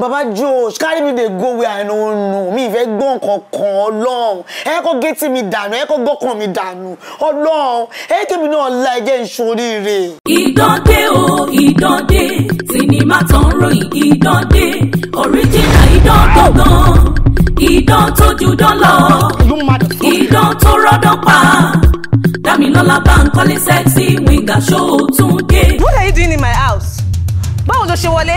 baba josh carry me dey go where i no know mi ìfẹ́ gbọ́ nǹkan kan ọlọ́run ẹ kó gétí mi dànù ẹ kó gbọ́kàn mi dànù ọlọ́run ẹ kébì náà la ẹ jẹ́ ìṣoríire. ìdánde o ìdánde sinimá tán ròyìn ìdánde oríjìnà ìdán gbọ̀ngàn ìdán tó ju dán lọ ìdán tó rọ́dán pa. Damilola Bankole sexy winger show tún dé. What are you doing in my house? Báwo ló ṣe wọlé?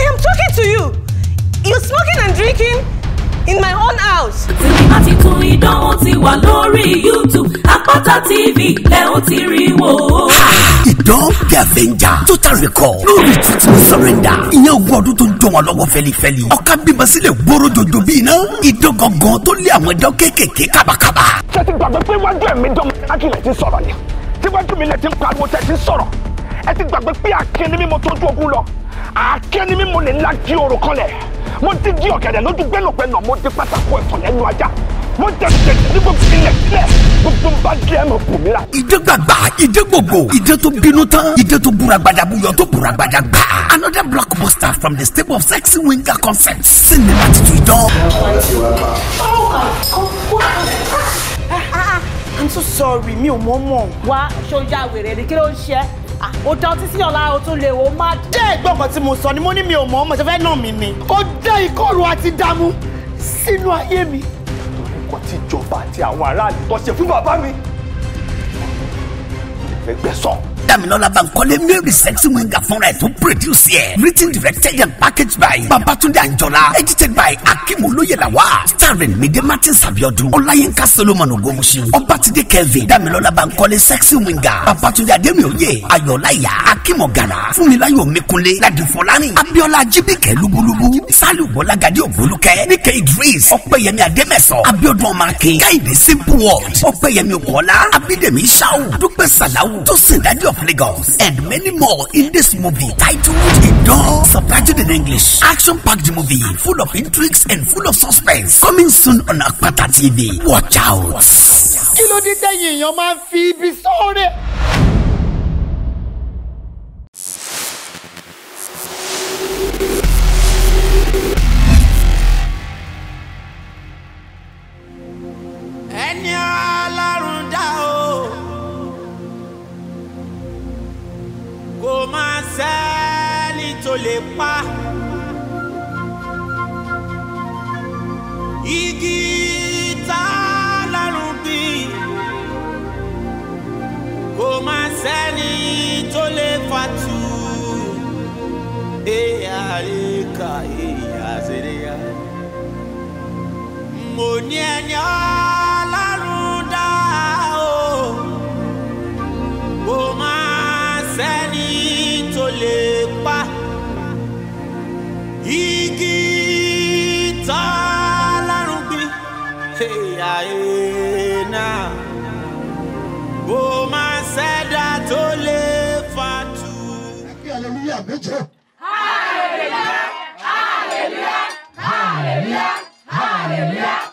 I am talking to you. You smoking and drinking in my own house. Tìlímà ti tún idán ó ti wà lórí YouTube Àpáta TV lẹ́ ti rí wò. Ìdán The Avenger Total Recall No retreat, no Surrender. Ìyẹn ogún ọdún tó ń jọ wọn lọ́wọ́ fẹ́lifẹ́li. Ọ̀ka bímọ sílẹ̀ gbóró jòjò bíi iná. Ìdán gangan tó lé àwọn ẹ̀dán kéékèèké kábàkábà. Ṣé ti gbàgbé pé wájú ẹ̀mí dánmọ́ Akílẹ̀ ti sọ̀rọ̀ ni? Tíwájú mi lẹ̀ ti ń pariwo tẹ̀ ti sọ̀rọ̀. Ẹ ti gbàgbé pé Akin ni mímọ tójú ogun lọ àáké mímu ní ńlá jí oru kọlẹ̀ mo ti jí ọ̀gẹ̀dẹ̀ lójú gbẹ́nùgbẹ́nù mo ti pátákó ẹ̀fọ́ lẹ́nu ajá mo jẹ jẹjẹ ní gbogbo ilẹ̀ sílẹ̀ gbogbo bá jẹ́ ẹ̀mọ̀ kò mí la. ìdè gbàgbà ìdè gbogbo ìdè tó bínú tán ìdè tó buragbada buyọ tó buragbada gbà. another blockbuster from the stable of sexy winger concept cinema titun idán. Ah, ah, ah. I'm so sorry mi ò mọ̀ mọ̀. wá aṣojú àwèrè ni kí ló ń ṣe é ó da ọtí síyàn lára o tún lè wò má. jẹ́ ẹ̀gbọ́n kan tí mo sọ ni mo ní mi ò mọ̀ ọ́ mo ṣe fẹ́ nà mí ni. ó dé ìkọlù àti dààmú sínú ayé mi. torí nǹkan tí ìjọba àti àwọn aráàlú tó ṣe fún bàbá mi. ìfẹ́ gbẹ̀sán. Damilola Bankole Mary Sexy Winger fúnra ẹ̀ tó produce yẹ. Written directed and packaged by Babatunde Anjola. Edited by Akim Oloyelawa. Starring Mide Martin Sabiodun. Ọláyínká Solomon Ogomushi. Ọbatide Kevin Damilola Bankole Sexy Winger. Babatunde Adémiòye. Ayọ̀láyà Akim Ọ̀gàrà. Fúnmiláyọ̀ Mẹ́kunlé. Ládì Abiola Jibike, Jíbíkẹ́ Salu Sálù Bọ́lágadé Ògbólúkẹ́. Níkẹ́ Idris. Ọpẹ́yẹmí Adémẹ̀sọ̀. Abíọ́dún Ọmọakin. Káyìdé Simple World. Ọpẹ́yẹmí Òkọ́lá. Abídèmí Ṣáù. Dúpẹ́ Sàláwù. Tó sì dájọ́ Lagos, and many more in this movie titled Idan, subtitled in English. Action-packed movie, full of intrigues and full of suspense. Coming soon on Akpata TV. Watch out. Kí ló dé tẹ́yìn èèyàn fi ibi sọ́ọ̀rẹ́? pa igi ta lọ́rùn bí kò má sẹ́ni tó lè fatu eya eka eya sereya mo ní ẹni ọ́. kéèyà èèna kò máa ṣẹ̀dá tó lè fatu. ẹ kí aleluya hallelujah hallelujah hallelujah hallelujah.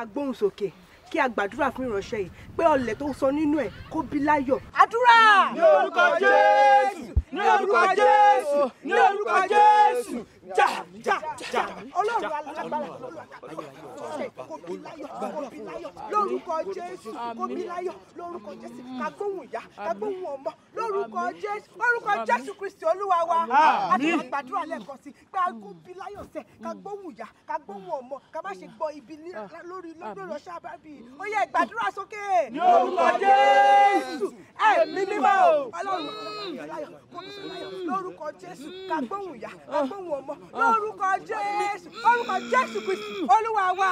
ká gbóhùn sókè kí a gbàdúrà fún ìránṣẹ́ yìí pé ọlẹ̀ tó sọ nínú ẹ̀ kó bí láyọ̀. àdúrà ní orúkọ jésù ní orúkọ jésù ní orúkọ jésù já já já. ọlọ́run alágbára lórúkọ jésù kòmíláyọ̀ lórúkọ jésù kagbóhùn ìyá kagbóhùn ọmọ lórúkọ jésù lórúkọ jésù kristi olúwa wa àti àgbàdúrà lẹ́ẹ̀kan sí kagbóhùnbíláyọ̀ sẹ kagbóhùn ìyá kagbóhùn ọmọ ká má ṣe gbọ́ ibi ah. lórí lórí ọṣà bábí ó yẹ gbàdúrà sókè. ní orúkọ jésù ẹ̀mí mímọ́ ọlọ́run alágbára fọkànsẹ̀ mm. láyọ̀ lórúkọ jésù kagbóhùn ìyá kagbóhùn ọmọ lórúkọ jésù lórúkọ jésù kristi olúwa wa.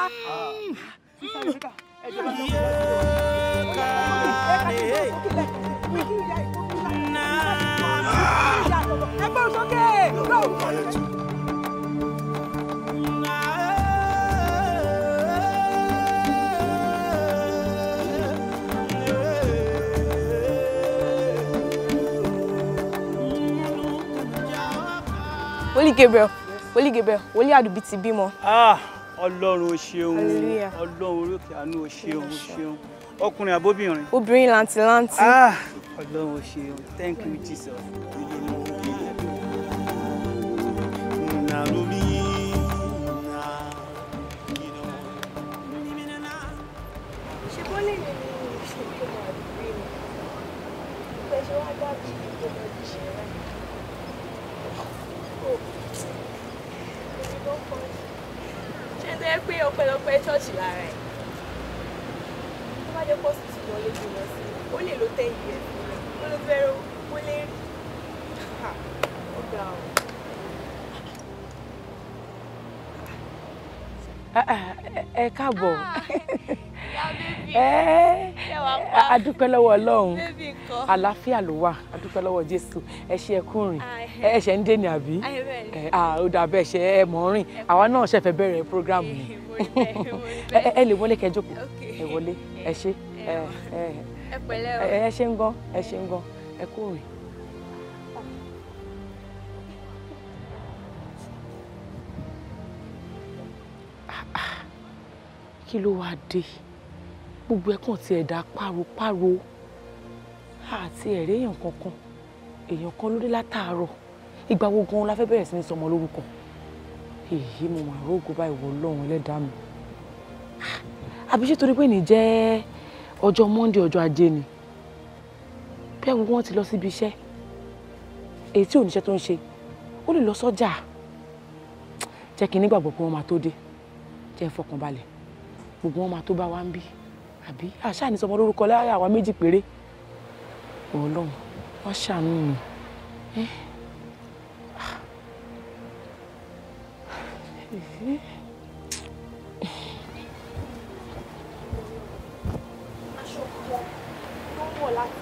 Ẹ gbọ́dọ̀ sókè lórúkọ jésù. Holy Gabriel Holy Gabriel Wòlíì Àdùbí ti bímọ. Ah, Ọlọ́run o ṣeun Ọlọ́run orókè àánú o ṣeun o ṣeun ọkùnrin àbóbìnrin. Obìnrin Ah, Ọlọ́run o ṣeun thank you Jesus. ṣe bọ́lẹ̀ nínú ìṣèlú àdúgbò yìí pẹ̀ṣẹ̀ wá dá jẹ́ pé ọpẹ́lọpẹ́ ṣọ́ọ̀ṣì lára ẹ̀ tó bá jẹ́ pọ́sì tí wọ́n lè jùlọ sí ó lè lo ten years ó ló fẹ́ràn ó lè rí ó ga ọ. Ah, ah, ẹ káàbọ̀ ah, eh, ẹ adúpẹ́ lọ́wọ́ Ọlọ́run àlàáfíà ló wà adúpẹ́ lọ́wọ́ jésù ẹ ṣe ẹ kú rìn ah, eh, ẹ ṣe ń dènì àbí ah, eh, eh, ah, ó dàbẹ́ ṣe ẹ mọ̀ rìn àwa náà ṣe fẹ́ bẹ̀rẹ̀ programu ni ẹ lè wọlé kẹ́ jókòó ẹ wọlé ẹ ṣe ẹ ṣe ń gan ẹ ṣe ń gan ẹ kú kí ló wáá dé gbogbo ẹ kàn tiẹ̀ páropáro àti ẹ̀rẹ́ èèyàn kankan èèyàn kan ló dé látàárọ̀ ìgbà wo gan la fẹ́ bẹ̀rẹ̀ sí ní sọmọ lórúkọ èyí mo mà rógo bá ìwọ ọlọ́run ẹlẹ́dàá mi àbí ṣé torí pé ní jẹ́ ọjọ́ Monday ọjọ́ ajé ni bí àwọn wọn ti lọ síbi iṣẹ́ èyí tí oníṣẹ́ tó ń ṣe ó lè lọ sọ́jà jẹ́ kí n nígbàgbọ́ pé wọ́n máa tó dé jẹ́ fọkànbalẹ̀ gbogbo wọn máa tó bá wa ń bí àbí àṣà ní sọmọ lórúkọ láyà àwa méjì péré. Ọlọ́run wá ṣàánú mi. Aṣọ kan tó wọ̀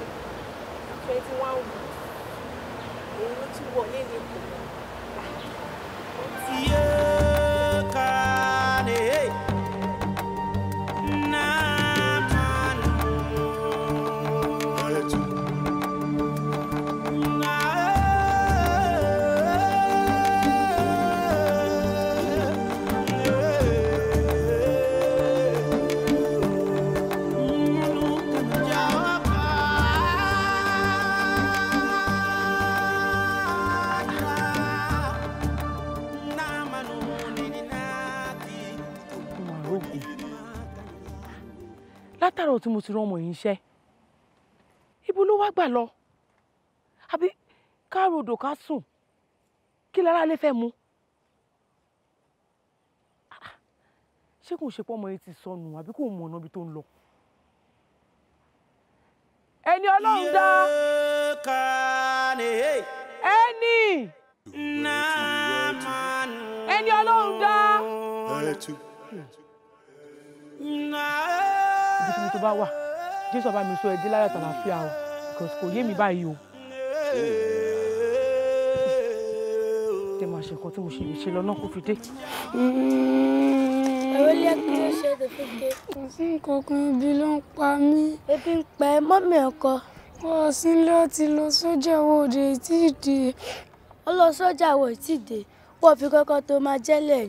látàrọ tí mo ti rán ọmọ yìí ṣẹ́ ibo ló wá gbà lọ àbí ká rodò ká sùn kí lára lè fẹ́ mu ṣé kò ṣe pé ọmọ yìí ti sọnù àbí kò mọ̀ ọ̀nà ibi tó ń lọ ẹni ọlọ́run dá ẹni ẹni ọlọ́run dá ibikíbi tó bá wà jésù bá mi sọ ẹ dé láyọ̀ tàlàfíà o because kò yé mi báyìí o. tẹ máa ṣe nǹkan tí mo ṣe ṣe lọ náà kó fi dé. ẹ̀rọ ilé ló ṣe tó fi dé. kò sí nǹkan kan ibi ló ń pa mí. ebi ń pa ẹ mọ́mì ọkọ. wọ́n ọ sí ńlá ti lọ sójà wo òde tí ì dé. ó lọ sójà wo ì tí ì dé wọ́n fi kọ́kọ́ tó máa jẹ́lẹ̀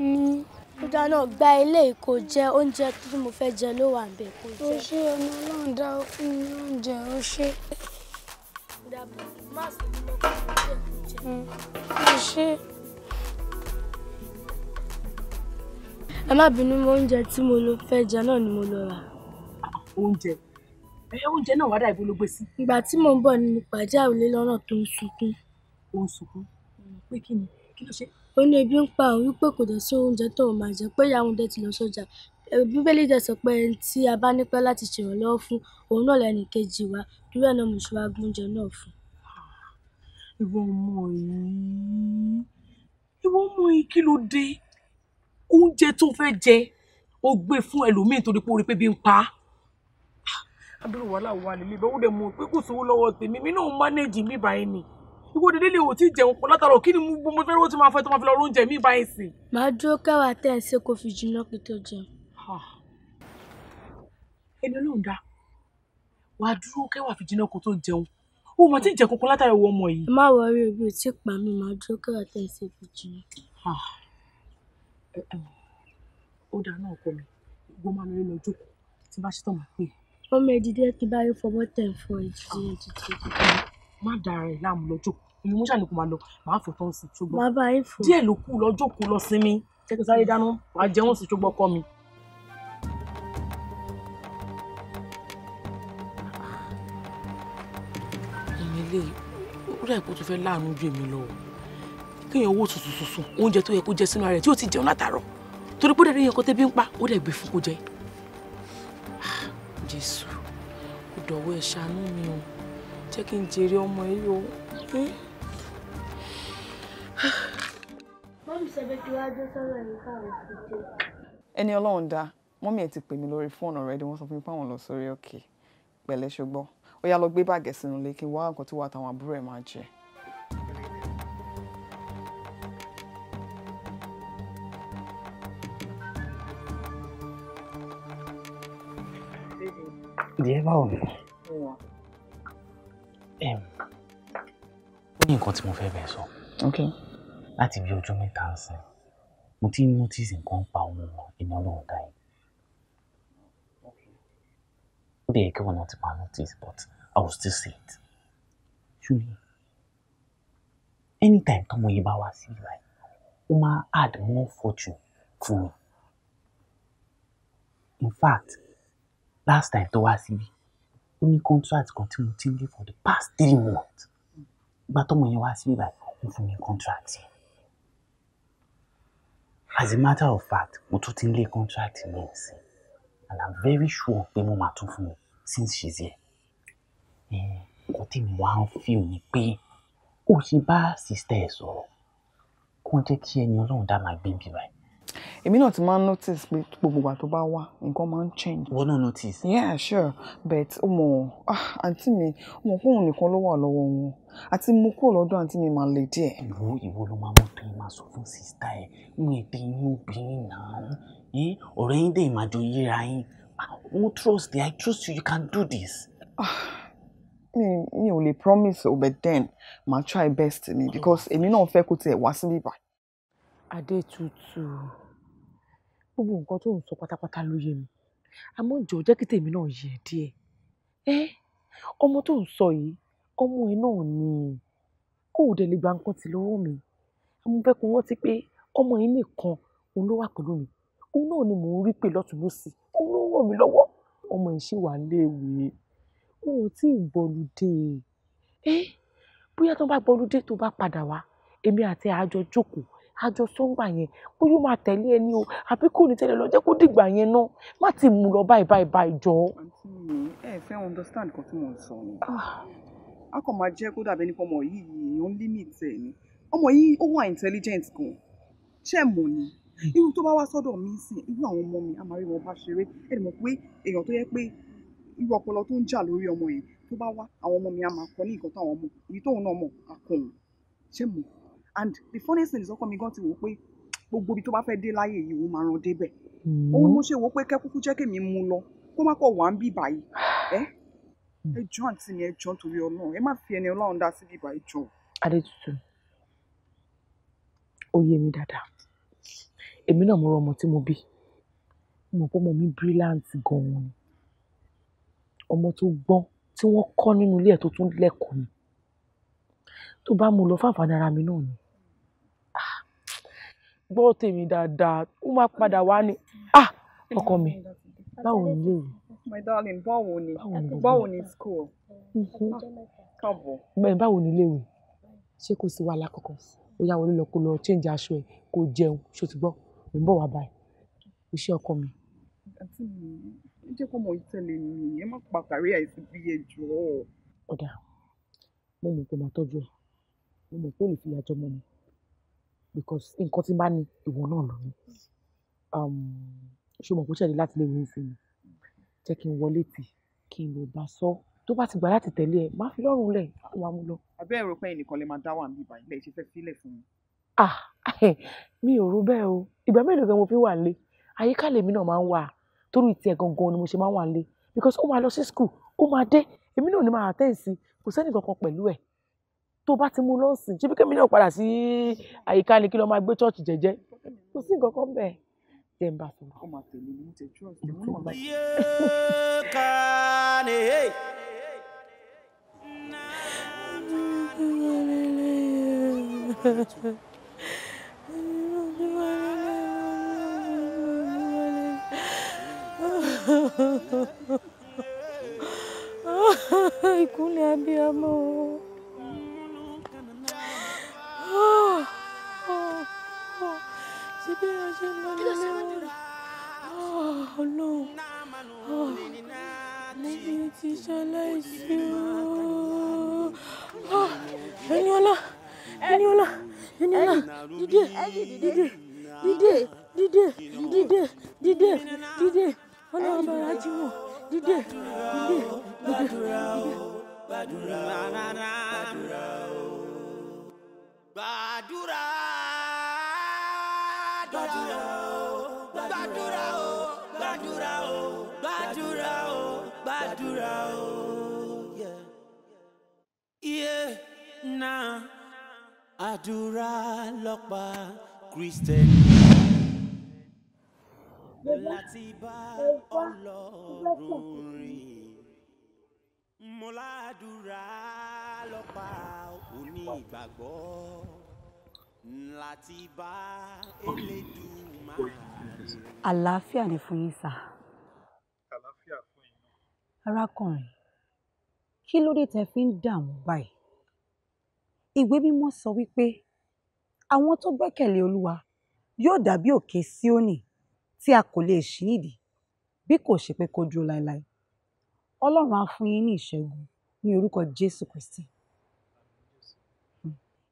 ni ó dáná gba ilé ìkó jẹ oúnjẹ tí mo fẹ́ jẹ ló wà níbẹ̀ kó jẹ. o ṣe ọmọ ọlọ́run dá o fún mi oúnjẹ o ṣe. o ṣe. ẹ má bínú mọ oúnjẹ tí mo lọ fẹ́ jẹ náà ni mo lọ rà. oúnjẹ oúnjẹ náà wà dà ibo ló gbé sí. ìgbà tí mò ń bọ̀ ni mo pàdé àwòlé lọ́nà tó ń sunkún. ó ń sunkún pé kí ni kí ló ṣe Ó ní ebi ń pa òun wípé kò dẹ̀ sí oúnjẹ tóun máa jẹ, pé ìyá òun dẹ̀ ti lọ sọ́jà. Bíbélì dẹ̀ sọ pé ẹni tí a bá nípé láti ṣèrànlọ́wọ́ fún, òun náà lẹni kejì wa. Torí ẹ náà mo ṣe wá gbé náà fún Ìwọ ọmọ yìí, ìwọ ọmọ yìí kí ló dé? Oúnjẹ tó fẹ́ jẹ, ó gbé fún ẹlòmíì torí pé ó pé ebi ń pa á. Abirù wà lélẹ̀ bẹ́ẹ̀ mọ̀ pé kò sówó lọ́wọ́ tèmi, èmi náà manage mi báyìí ni ìwọ òdèdè lè o tí jẹun pọ̀ látàrọ kí ni mo mo fẹ́ràn ó ti máa fẹ́ tó máa fi lọ oúnjẹ mi báyìí sí. màá dúró káwàá tẹ̀ ẹ́ ṣe kò fi jiná kí tó jẹun. ẹni olóhùn dá wàá dúró kẹwàá fi jiná kó tó jẹun o mà ti jẹ kókó látàrí owó ọmọ yìí. má wọrí ibi tí pa mi máa dúró kẹwàá tẹ̀ ẹ́ ṣe fi jiná. ó dáa náà kọ mi gbọ́n máa lórí lọ jókòó tí bá ṣe tán máa pè ọmọ ẹ̀ kí bá yóò fọwọ́ tẹ̀ fún ẹ̀ jíjẹ́ jíjẹ́ má dara ẹ̀ láàmú lọ́jọ́ ìlú musa ni kò máa lọ màá fò tán sí ṣùgbọ́n bàbá yìí fò díẹ̀ ló kù lọ́jọ́ kù lọ sinmi jẹ́kí sáré dáná wàá jẹun sí ṣùgbọ́n kọ́ mi. èmi lè ó rẹ̀ kó tó fẹ́ láàánú ju èmi lọ kéèyàn owó tuntun tuntun oúnjẹ tó yẹ kó jẹ sínú ara rẹ̀ tí ó ti jẹun látàárọ̀ torí pé dẹ̀rẹ̀ yẹn kó tẹ́bí ń pa ó dẹ̀ gbé fún kó jẹ. Ah, jésù ó dọ̀wọ́ ṣàánú mi o jẹ́ kí n jèrè ọmọ yìí o. mọ́mí sẹ́gbẹ́ tí wàá dé sọ́rọ̀ ẹ̀yìn káwọn ti dé. ẹni ọlọ́run dá mọ́mí ẹ̀ ti pè mí lórí fóònù already wọ́n sọ fún mi pé àwọn lọ sórí òkè pẹ̀lẹ́ ṣùgbọ́n ó yá lọ gbé bàgẹ́ sínú ilé kí n wá nǹkan tí wàá àtàwọn àbúrò ẹ̀ máa jẹ. Diẹ báwo ni? ó ní nǹkan tí mo fẹ́ bẹ̀ sọ. láti bí ọjọ́ mẹ́ta sí mo ti ń notice nǹkan pa ọmọ ìná náà dá yìí. ó dẹ̀ yẹ kí wọ́n náà ti máa notice but I will still say it. ṣùgbọ́n anytime tọmọ yìí bá wá sí ìlà yìí ó máa add more fortune fún mi. in fact last time tó wá síbí. Si ó ní contract kan tí mo ti ń lé for the past three months gba tọmọ yẹn wá sí bíbá mo fún mi contract yẹn as a matter of fact mo tún ti ń lé contract mi sí and i'm very sure pé mo máa tún fún mi since she's here nǹkan tí mi wá ń feel ni pé ó ṣe bá sister ẹ̀ sọ̀rọ̀ kó jẹ́ kí ẹni ọlọ́run dá máa gbé bí báyìí èmi náà ti máa notice pé gbogbo ìgbà tó bá wá nǹkan máa ń change. wọ́n náà notice. yeah sure but ó ah àǹtí mi ó mọ̀ pé òun nìkan ló wà lọ́wọ́ wọn àti mo kúrò lọ́dọ̀ àǹtí mi máa lè díẹ̀. ìwọ ìwọ ló máa mọ tó yín máa sọ fún sista ẹ mú ètè yín obìnrin náà ọ̀rẹ́ yín dé ìmàjọ yíra yín ah, mo trust you i trust you you can do this. ah mi mi ò lè promise o but then màá try best mi because oh, èmi náà fẹ́ kó tiẹ̀ wá sí bíbá. Adétutù gbogbo nǹkan tó ń sọ pátápátá ló yé mi àmọ́ jọ jẹ́ kí tèmi náà yẹ díẹ̀ ẹ ọmọ tó ń sọ yìí ọmọ ẹ náà ni kó o dẹ̀ lè gba nǹkan tì lọ́wọ́ mi mo fẹ́ kó rántí pé ọmọ yìí nìkan òun ló wà pẹ̀lú mi òun náà ni mò ń rí pé lọ́tún lọ́sì òun ló ràn mí lọ́wọ́ ọmọ yìí ṣì wà léèwé òun ò tí ì bọ́lúdé ẹ bóyá tó bá bọ́lúdé tó bá padà wá èmi àti àjọ jókòó àjọ sọ́ngbà yẹn pé yóò máa tẹ̀lé ẹ ní o àbí kò ní tẹ̀lé lọ jẹ́ kó dìgbà yẹn náà má ti mú lọ báyìí báyìí báyìí jọ. ẹ fẹ́ understand kan tí mò ń sọ ni ah. a kò máa jẹ́ kó dàbí nípa ọmọ yìí èèyàn ń limit ẹ̀ ni ọmọ yìí ó wà intelligent gan ṣé mọ̀ ni hmm. irú tó bá wá sọ́dọ̀ mi sìn irú àwọn ọmọ mi a máa rí wọn bá ṣeré ẹ mọ̀ pé èèyàn tó yẹ pé irú ọpọlọ tó ń jà lórí ọmọ yẹn tó bá wá àwọn ọmọ mi a máa kọ ní nǹkan táwọn ọmọ èyí tóun náà mọ̀ àkọlù ṣé mọ̀ and the funny thing is ọkọ mi gan ti wò ó pé gbogbo ibi tó bá fẹ́ dé láyé yìí òun máa ran débẹ̀ hmm. òun mo ṣe wò ó pé kẹ́kúkú jẹ́ kèmi mú lọ kó má kọ̀ wá ń bì báyìí ẹ ẹ jọ àǹtí mi ẹ jọ nítorí ọlọ́run ẹ má fi ẹni ọlọ́run dá sí bíbá ẹ jọ. adétutù ó yé mi dáadáa èmi náà mo rọ ọmọ tí mo bí mo pọ́ ọmọ mi brilliant gan-an ni ọmọ tó gbọ́n tí wọ́n kọ́ nínú ilé ẹ̀ tó tún lẹ́kọ̀ọ́ ni tó bá mú lọ fáfáà dára mi náà ni gbọ́ tèmi dáadáa ó máa padà wá ní ah ọkọ mi báwo ni lè rí. my darling báwo ni báwo ni school. káàbọ̀. mẹ́rin báwo ni lè rí mhm. ṣé kò sí wàhálà kankan ó yá wọlé lọ kó lọ change aṣọ ẹ kó jẹun ṣó ti gbọ́ mo ń bọ̀ wá báyìí iṣẹ́ ọkọ mi. àti mi ẹ jẹ́ kó mọ ìtẹ̀lẹ̀ mi ẹ má pa kárí àìsí bí ẹ jọ. ọ̀dà mo mọ̀ pé màá tọ́jú ẹ mo mọ̀ pé olùfìyàjọ mọ́ mi because nǹkan tí n bá ní ìwọ náà ló ní um, ṣé o mọ̀ pé ó ṣẹ̀lẹ̀ láti lè wí sí mi jẹ́ kí n wọlé tì kí n lè bá sọ tó bá ti gbà láti tẹ̀lé ẹ má fi lọ́rùn lẹ̀ á wà mú lọ. àbẹ́ ẹ̀rọ pé ẹnìkan lè máa dá wà níbi ìbàyìí lẹ́yìn ṣe fẹ́ sílẹ̀ fún mi. ah mi ò rú bẹ́ẹ̀ o ìgbà mélòó gan mo fi wà lé àyíká lèmi náà máa ń wà torí tiẹ̀ gangan ni mo ṣe máa ń wà lé because ó máa lọ sí school ó máa dé èmi náà ò ní máa àtẹ́ǹsì kò sẹ́nì kankan pẹ̀lú ẹ̀ tó bá ti mú lọ́sìn ṣé bí kémi náà padà sí àyíká ni kí lọ́ọ́ máa gbé chọ́ọ̀chì jẹ́jẹ́ kò sí nǹkan kan bẹ́ẹ̀ tẹ̀ ń bá fún mi. ìkúnlẹ̀ abiyamọ. ṣe bí a ṣe ń lọ nílé ah, wọn ọlọ́run ah, níbi tí ṣaláìsí o ah, ẹni ọlá ẹni ọlá ẹni ọlá dídé dídé dídé dídé dídé dídé dídé ọlọ́run bá a jí wọn dídé dídé dídé gbàdúrà o gbàdúrà o gbàdúrà o gbàdúrà o gbàdúrà o gbàdúrà o gbàdúrà o gbàdúrà o. iye náà àdúrà lọ́pàá kristẹni láti bá ọlọ́run rìn mo ládùúrà lọ́pàá onígbàgbọ́ láti bá Elédùmarè. àlàáfíà ni fún yín sá. àlàáfíà fún yín. arákùnrin kí ló dé tẹ fi ń dààmú báyìí ìwé mímọ́ sọ wípé àwọn tó gbẹ́kẹ̀lé olúwa yóò dàbí òkè síónì tí a kò lè ṣí nídìí bí kò ṣe pé kó dúró láéláé ọlọ́run á fún yín ní ìṣẹ́gun ní orúkọ jésù kristi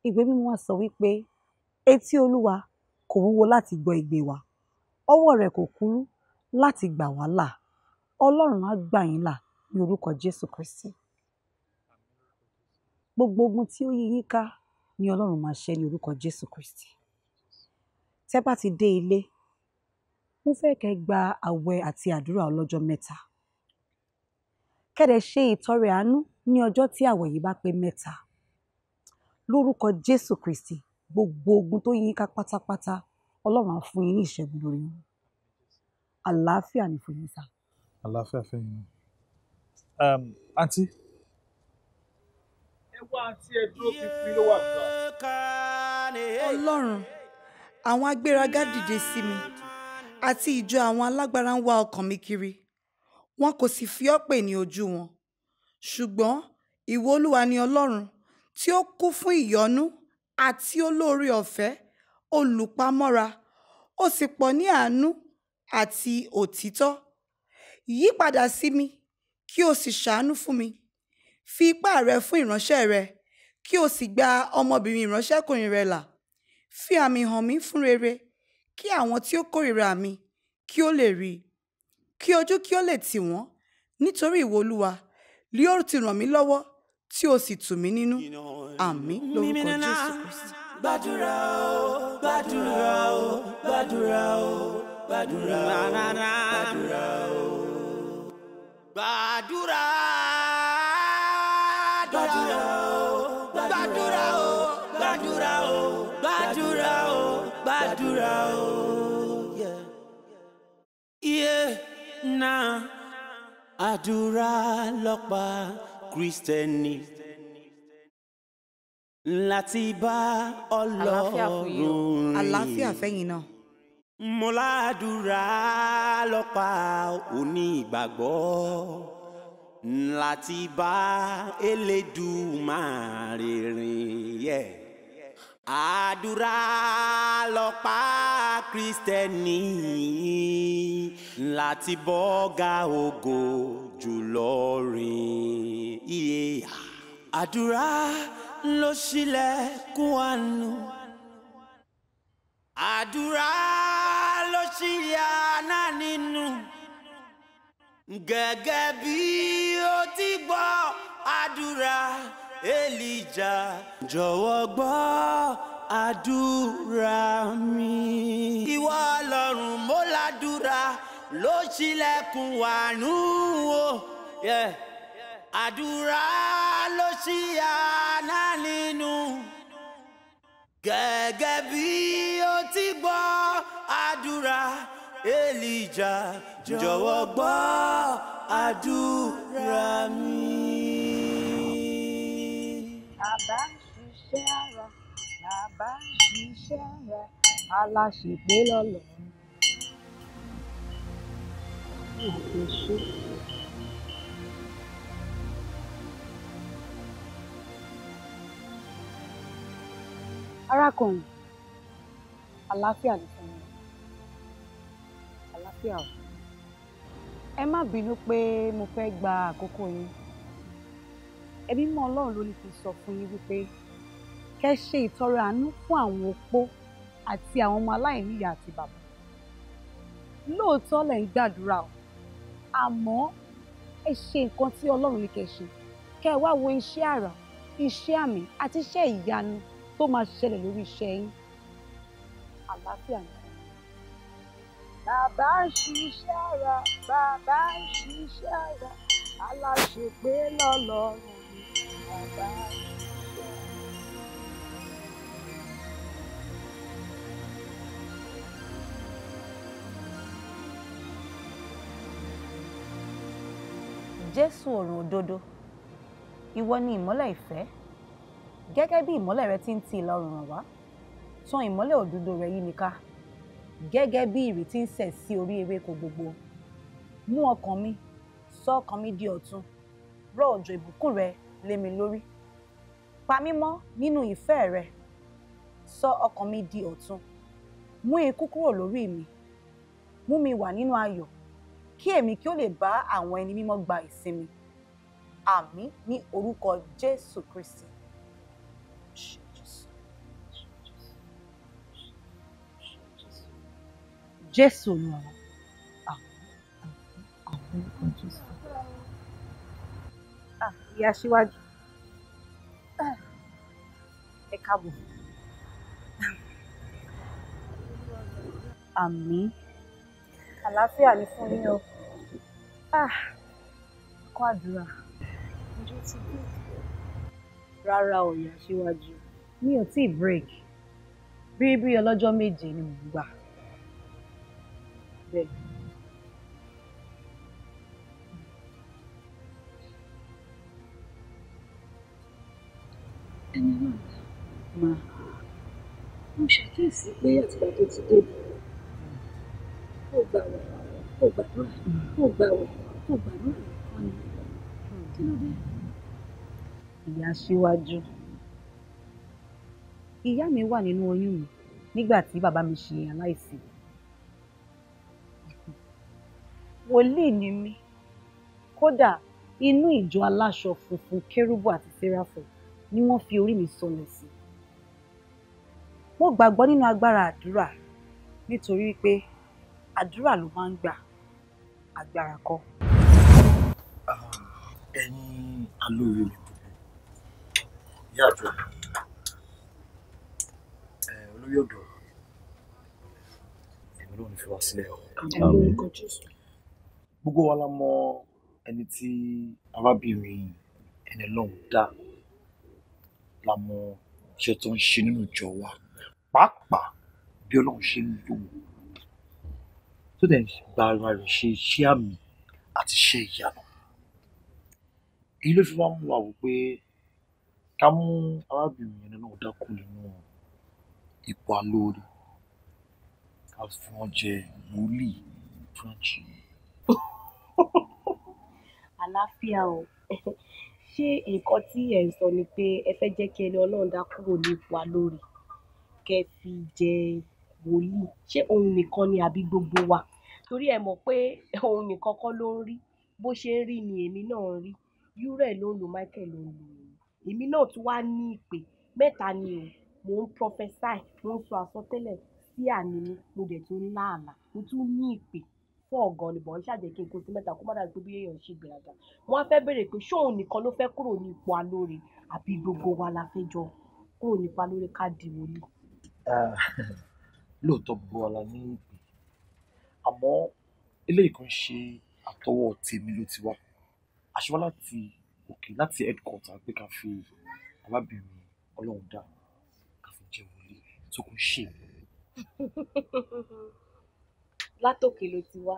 ìwé mímọ́ sọ wípé Etí Olúwa kò wúwo láti gbọ́ igbe wa. Ọwọ́ rẹ̀ kò kúrú láti gbà wá là. Ọlọ́run á gbà yín là ní orúkọ Jésù Kristi. Gbogbo ogun tí ó yí yín ká ni Ọlọ́run máa ṣẹ́ ní orúkọ Jésù Kristi. Tẹ́ bá ti dé ilé, mo fẹ́ kẹ́ gba àwẹ̀ àti àdúrà ọlọ́jọ́ mẹ́ta. Kẹ́dẹ̀ ṣe ìtọrẹ àánú ní ọjọ́ tí àwẹ̀ yìí bá pé mẹ́ta. Lórúkọ Jésù Kristi, gbogbo ogun tó yín ká pátápátá ọlọ́run á fún yín ní ìṣẹ́gun lórí wọn àlàáfíà ni fún yín sá. àlàáfíà fẹ́yìn náà. Um, àǹtí. ẹ wá àǹtí ẹ dúró fífi ló wà gbà. ọlọ́run àwọn agbéraga dìde sí mi àti ìjọ àwọn alágbára ń wá ọkàn mi kiri wọn kò sì fi ọ́ pè ní ojú wọn ṣùgbọ́n ìwọ olúwa ni ọlọ́run tí ó kú fún ìyọ́nú àti olóore ọ̀fẹ́ olùpamọ́ra ó sì pọ̀ ní àánú àti òtítọ́ yí sí mi kí o sì ṣàánú fún mi fi ipá rẹ fún ìránṣẹ́ rẹ kí o sì gba ọmọbìnrin ìránṣẹ́kùnrin rẹ là fi àmì hàn mí fún rere kí àwọn tí ó kórìíra mi kí ó lè rí i kí ojú kí ó lè tì wọ́n nítorí ìwọ Olúwa ti ràn mí lọ́wọ́ tí o sì tù mí nínú àmín lórúkọ Jésù Kristi. gbàdúrà o gbàdúrà o gbàdúrà o gbàdúrà o gbàdúrà o. gbàdúrà gbàdúrà o gbàdúrà o gbàdúrà o gbàdúrà o gbàdúrà o. iye náà àdúrà lọ́pàá kristẹni láti bá ọlọ́run rìn. àlàáfíà fẹ́yìn náà. mo ládùúrà lọ́pàá onígbàgbọ́ láti bá Elédùmarè rìn yẹ àdúrà lọ́pá kristẹni láti bọ́gà ògo jùlọ rìn iye yà. àdúrà ló ṣílẹ̀kùn àánú. àdúrà ló ṣí àná nínú. gẹ́gẹ́ bí o ti gbọ́ àdúrà èlìjà jọ̀wọ́ gbọ́ àdúrà mi. ìwọ ọlọ́run mo ló ṣílẹ̀kùn wàánú o àdúrà ló ṣí àná nínú gẹ́gẹ́ bí o ti gbọ́ àdúrà èlìjà jọ̀wọ́ gbọ́ àdúrà mi. bàbá ṣiṣẹ́ ara bàbá ṣiṣẹ́ ara aláṣepé lọ́lọ́ arákùnrin àlàáfíà ni fún mi àlàáfíà o ẹ má bínú pé mo fẹ́ gba àkókò yín ẹbí mọ Ọlọ́run ló ní kí n sọ fún yín wípé kẹ́ ṣe ìtọrẹ àánú fún àwọn opó àti àwọn ọmọ aláìníyàá àti bàbá lóòótọ́ lẹ̀ ń gbàdúrà o àmọ́ ẹ ṣe nǹkan tí ọlọ́run ní kẹ́ ṣe kẹ́ ẹ wá wo iṣẹ́ àrà iṣẹ́ àmì àti iṣẹ́ ìyanu tó máa ṣẹlẹ̀ lórí iṣẹ́ yín àlàáfíà ni. bàbá ń ṣiṣẹ́ àrà bàbá ń ṣiṣẹ́ àrà aláṣepé lọ́lọ́run ni bàbá ń ṣiṣẹ́. jésù òrùn òdodo ìwọ ni ìmọ́lẹ̀ ìfẹ́ gẹ́gẹ́ bí ìmọ́lẹ̀ rẹ ti ń ti ìlà oòrùn ràn wá tan ìmọ́lẹ̀ òdodo rẹ yí mi ká gẹ́gẹ́ bí ìrì tí ń sẹ̀ sí orí ewéko gbogbo mú ọkàn mi sọ ọkàn mi di ọ̀tun rọ̀ òjò ìbùkún rẹ lé mi lórí pa mí nínú ìfẹ́ rẹ sọ ọkàn mi di ọ̀tun mú ikú kúrò lórí mi mú mi wà nínú ayọ̀ kí èmi kí ó lè bá àwọn ẹni mímọ́ gba ìsinmi àmín ní orúkọ Jésù Kristi. Jésù lọ. Ah, ìyá síwájú, ẹ káàbọ̀. Àmín àlàáfíà ni fún yín o ah, kó àdúrà ọjọ́ ti break rárá o ìyá síwájú mi ò tí ì break bí bí ọlọ́jọ́ méje ni mò ń gbà bẹ́ẹ̀. ẹni náà ma mo ṣàkíyèsí pé àtìgbà tó ti débùú gbàwẹ̀ ó gbàdúrà ó gbàwẹ̀ ó gbàdúrà wọn ni kí ló dé. ìyá síwájú ìyá mi wà nínú oyún mi nígbà tí bàbá mi ṣe aláìsí wòlíì ni mí kódà inú ìjọ aláṣọ funfun kérúbù àti séráfù ni wọ́n fi orí mi sọlẹ̀ sí mo gbàgbọ́ nínú agbára àdúrà nítorí pé àdúrà ló máa ń gbà agbára kọ́. Ah, ẹ̀yin alóore mi ìyá àjọ eh, olóyè ọ̀dọ́ ẹ̀mí ló ń fi wá sílẹ̀ o. gbogbo wa la mọ ẹni tí arábìnrin ẹni lọ́hùn dá la mọ iṣẹ́ tó ń ṣe nínú ìjọ wa pàápàá bí ọlọ́run ṣe ń lò wọ́n tó dẹ̀ ń gba ara rẹ̀ ṣe iṣẹ́ àmì àti iṣẹ́ ìyanu èyí ló fi wá mú wa wò pé ká mú arábìnrin yẹn náà dákú nínú ipò alóore ká fún ọ jẹ wòlíì fúnjì. àlàáfíà o ṣé nǹkan tí ẹ̀ ń sọ ni pé ẹ fẹ́ jẹ́ kí ẹni ọlọ́run dá kúrò ní ipò alóore kẹ́ fi jẹ wòlíì ṣé òun nìkan ni àbí gbogbo wa torí ẹ mọ̀ pé òun nìkan kọ́ ló ń rí bó ṣe ń rí ni èmi náà ń rí yúrẹ̀ ló ń lo michael ló ń lo èmi náà tún wá ní ìpè mẹ́ta ni o mò ń prophesy mò ń sọ àsọtẹ́lẹ̀ sí àní mi mo dẹ̀ tún ń lá àlá mo tún ní ìpè fún ọ̀gàn ni bọ̀ọ́n ṣàjẹ́ kí n kó sí mẹ́ta kó má dàgbé pé bí èèyàn ṣe gbéraga wọ́n á fẹ́ béèrè pé ṣóun nìkan ló fẹ́ kúrò ní ipò alóore àbí gbogbo wa la fẹ́ jọ kúrò nípa lórí ká wòlíì. Ah, lóòótọ́ gbogbo wa la ní ìpè àmọ́ eléyìí kan ṣe àtọwọ́ tèmi ló ti wá aṣọ wa láti òkè láti headquarter pé ká fi arábìnrin ọlọ́run dá ká fi jẹ wọlé tó kún ṣe. látòkè ló ti wá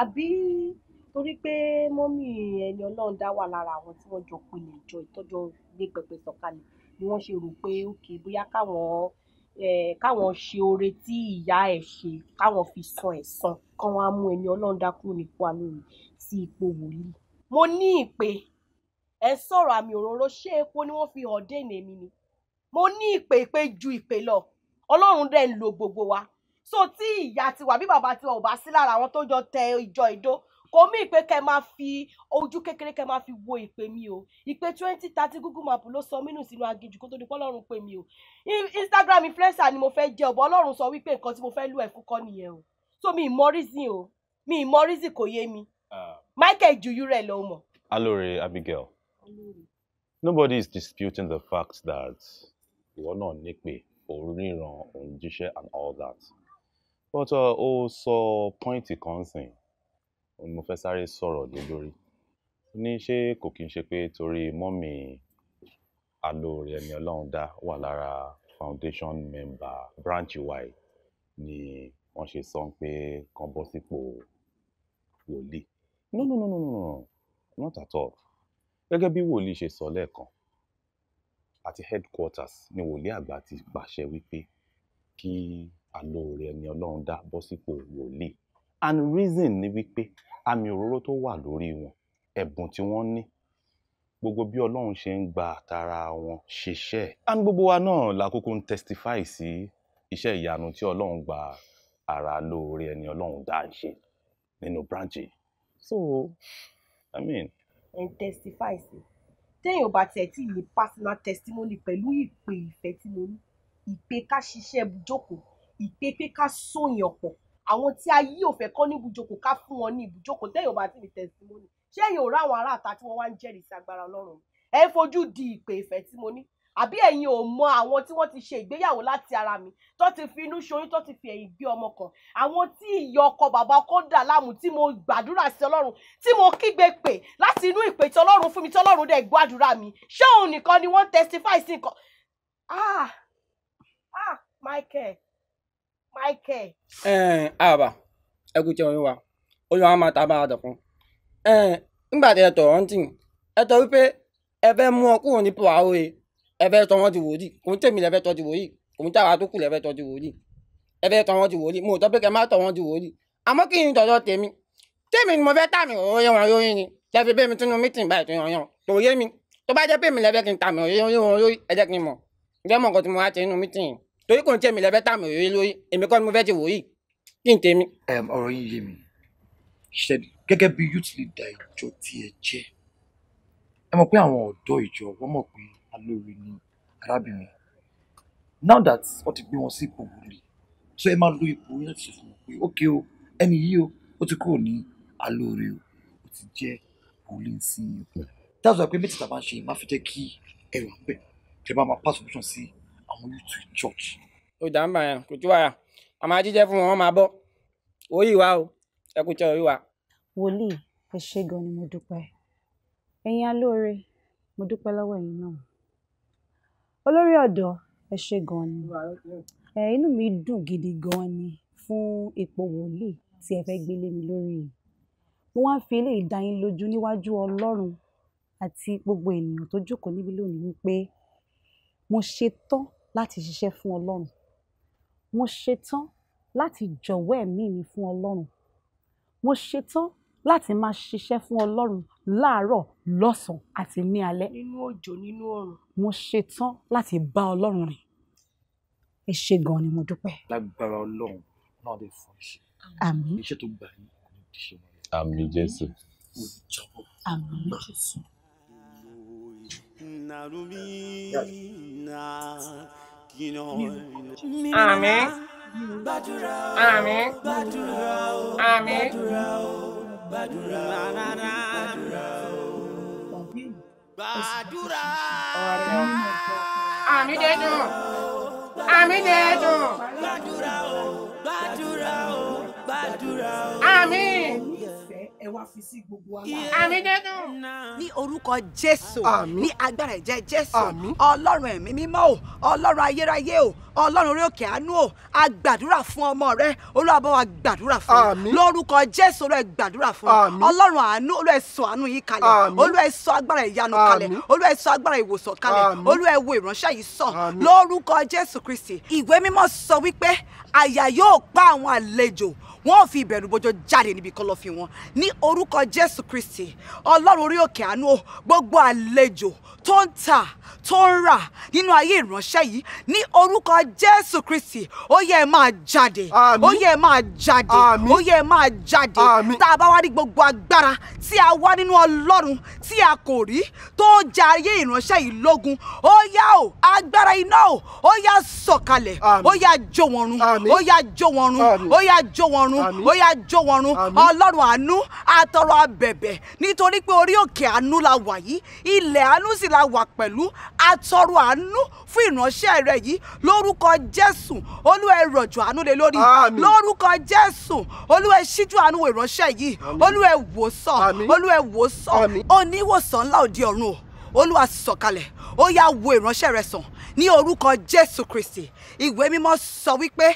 àbí torí pé mọ́mì ẹni ọlọ́run dá wà lára àwọn tí wọ́n jọ pinnu ìjọ ìtọ́jọ́ gbé pẹpẹ sọ̀kalẹ̀ ni wọ́n ṣe rò pé ókè bóyá káwọn káwọn ṣe oore tí ìyá ẹ̀ ṣe káwọn fi san ẹ̀san kán wá mú ẹni ọlọ́run dá kúrò nípò àlórí sí ipò wòlíì. mo ní ìpè ẹ sọ̀rọ̀ àmì òróró ṣé epo ni wọ́n fi hàn déènì mi ni mo ní ìpè ìpè ju ìpè lọ ọlọ́run dẹ̀ ń lo gbogbo wa so tí ìyá tiwa bí bàbá tiwa ò bá sí lára àwọn tó jọ tẹ ìjọ ìdó kò mí ìpè kẹ máa fi ojú kékeré kẹ máa fi wo ìpè mi o ìpè twenty thirty google map ló sọ mí nù sínú aginjù kó tó di pé ọlọ́run pè mí o instagram influencer ni mo fẹ́ jẹ́ ọ̀bọ̀ ọlọ́run sọ wípé nǹkan tí mo fẹ́ lù ẹ̀ fún nìyẹn o so mi ì mọ o mi ì mọ reason kò yé mi ah. michael juyu rẹ̀ ló mọ̀. alore abigail nobody is disputing the fact that ìwọ náà nípè òun ríran òun jíṣẹ́ and all that but uh, ó sọ pọ́ìntì kan sìn ni mo fẹ́ sáré sọ̀rọ̀ lé lórí ó ní ṣé kò kí n ṣe pé torí mọ́mì alóore ẹni ọlọ́run dá wà lára foundation member branch wa ni wọ́n ṣe sọ pé kán bọ́ sípò wòlíì no no no no no not at all gẹ́gẹ́ bí wòlíì ṣe sọ lẹ́ẹ̀kan àti headquarters ni wòlíì àgbà ti pàṣẹ wípé kí alóore Ni ọlọ́run dá bọ́ sípò wòlíì and reason ni wípé àmì òróró tó wà lórí wọn ẹ̀bùn tí wọ́n ní gbogbo bí ọlọ́run ṣe ń gba àtàrà wọn ṣiṣẹ́ and gbogbo wa náà la ń testify sí iṣẹ́ ìyanu tí ọlọ́run gba ara lóore ẹni ọlọ́run dá ń ṣe nínú branch so i mean. ẹ̀ testify sí téèyàn ò bá tiẹ̀ tí ní personal testimony pẹ̀lú ìpè ìfẹ́ tí mo ní ìpè ká ṣiṣẹ́ ibùjókòó ìpè pé ká sóyàn pọ̀ àwọn tí ayé ò fẹ́ kọ́ ní ibùjókòó ká fún wọn ní ibùjókòó tẹ́yìn ọba àti mi testimony ṣé èyàn ò rá àwọn aráàta tí wọ́n wá ń jẹ́rìí sí agbára ọlọ́run ẹ fojú di ìpè ìfẹ́ tí mo ní àbí ẹ̀yin ò mọ àwọn tí wọ́n ti ṣe ìgbéyàwó láti ara mi tó ti fi inú ṣoyún tó ti fi ẹ̀yìn bí ọmọ kan àwọn tí ìyá ọkọ bàbá ọkọ dà láàmú tí mo gbàdúrà sí ọlọ́run tí mo kígbe pè láti inú ìpè tí ọlọ́run fún mi tí ọlọ́run dẹ̀ gbàdúrà mi ṣé òun nìkan ni wọ́n testify sí nǹkan. ah ah Michael Michael. Ẹ̀ẹ́n àbà ẹkú tí orin wa olú àwọn máa ta bá a dọ̀kan. Ẹ̀ẹ́n nígbà tí ẹ tọ̀rọ̀ ń tì ẹ tọ́ wípé ẹ fẹ́ mú ọ kúrò ní pọ̀ àwòrán ẹ fẹ́ tọ́ wọn ti wòlíì kò ń tèmi lẹ́fẹ́ tọ́ ti wòlíì kò ń tàwa tó kù lẹ́fẹ́ tọ́ ti wòlíì ẹ fẹ́ tọ́ wọn ti wòlíì mo ni mo fẹ́ tàmì òye wọn lórí ni lẹ́fi bẹ́ẹ̀ mi tún nu mítìn báyìí tó yan yan tó yé mi tó bá jẹ́ pé mi lẹ́fẹ́ kí n tàmì òye wọn torí kò ń tẹ̀mí lẹ́fẹ́ tàmí òye lórí èmi kọ́ ni mo fẹ́ ti wòye kí n tèmi. ọ̀rọ̀ yín yé mi ṣẹ́ni gẹ́gẹ́ bí youth leader ìjọ tí ẹ jẹ́ ẹ mọ̀ pé àwọn ọ̀dọ́ ìjọ wọ́n mọ̀ pé alóore ni arábìnrin now that wọ́n ti gbé wọn sí ipò wòlé so ẹ máa lo ipò yín láti sọ fún wọn pé ókè o ẹni yìí o ó ti kúrò ní alóore o ó ti jẹ́ wòlé sí i. dáàbò pé méjì tàbá ń ṣe má fi jẹ́ kí ẹ̀rọ ń bẹ̀ bá máa pass option sí i àwọn youth in church. ó dà ń bà yàn kò tí wàyà àmọ́ ajíjẹ́ fún wọn wọ́n máa bọ́ òyì wa o ẹ kú tẹ òyì wa. wòlíì ẹ ṣé gan ni mo dúpẹ́ ẹ̀yin alóore mo dúpẹ́ lọ́wọ́ ẹ̀yin náà olórí ọ̀dọ́ ẹ ṣé gan ni ẹ inú mi dùn gidi gan ni fún ipò wòlíì tí ẹ fẹ́ gbé lé mi lórí yìí mo wá fi eléyìí dá yín lójú níwájú Ọlọ́run àti gbogbo ènìyàn tó jókòó níbí lónìí wípé mo ṣetán láti ṣiṣẹ́ fún Ọlọ́run mo ṣetán láti jọ̀wọ́ ẹ̀mí mi fún Ọlọ́run mo ṣetán láti máa ṣiṣẹ́ fún Ọlọ́run láàárọ̀ lọ́sàn-án àti ní alẹ́ nínú òjò nínú oòrùn mo ṣetán láti bá Ọlọ́run rìn ẹ ṣe gan ni mo dúpẹ́. lágbára Ọlọ́run náà lè fún iṣẹ́ àmín iṣẹ́ tó gbà yín kò ní di ṣe mọ́. àmín Jésù. àmín Jésù. Àmín. Àmín. Àmín. Àmín dẹ́dùn. Àmín dẹ́dùn. wá fi sí gbogbo wa. àmín gẹ́gẹ́. ní orúkọ jésù ní agbára ẹ̀jẹ̀ jésù ọlọ́run ẹ̀mí mímọ́ o ọlọ́run ayérayé o ọlọ́run orí òkè àánú o a gbàdúrà fún ọmọ rẹ olúwa bá wa gbàdúrà fún lórúkọ jésù olúwa gbàdúrà fún ọlọ́run àánú olúwa sọ àánú yìí kalẹ̀ olúwa sọ agbára ìyanu kalẹ̀ olúwa sọ agbára ìwòsàn kalẹ̀ olúwa wo ìránṣẹ́ yìí sàn lórúkọ jésù kristi ìwé mímọ́ sọ wípé àyà yóò pa àwọn àlejò wọn ò fi ìbẹ̀rù bójó jáde níbi kọ̀lọ̀fín wọn ní orúkọ jésù kristi ọlọ́run orí òkè àánú gbogbo àlejò tó ń tà tó ń rà nínú ayé ìránṣẹ́ yìí ní orúkọ jésù kristi ó yẹ ẹ máa jáde ó yẹ ẹ máa jáde ó yẹ ẹ máa jáde tá a bá wá rí gbogbo agbára tí a wá nínú ọlọ́run tí a kò rí tó ń ja ayé ìránṣẹ́ yìí lógun ó yá o agbára iná o ó yá sọ̀kalẹ̀ ó yá jó wọn run ó yá jó wọn run ó yá jó wọn run ó yá jó ọlọ́run àánú àtọrọ abẹ̀bẹ̀ nítorí pé orí òkè àánú la wà yìí ilẹ̀ àánú sì la a wà pẹ̀lú atọrọ àánú fún ìránṣẹ́ rẹ yìí lórúkọ jésù olúwa ẹ rọ̀jò àánú lé lórí lórúkọ jésù olúwa ẹ ṣíjú àánú ìránṣẹ́ yìí olúwa ẹ wòsàn olúwa ẹ wòsàn oníwòsàn ńlá òde ọ̀run o olúwa sì sọ̀kalẹ̀ ó yá wo ìránṣẹ́ rẹ sàn ní orúkọ jésù kristi ìwé mímọ́ sọ wípé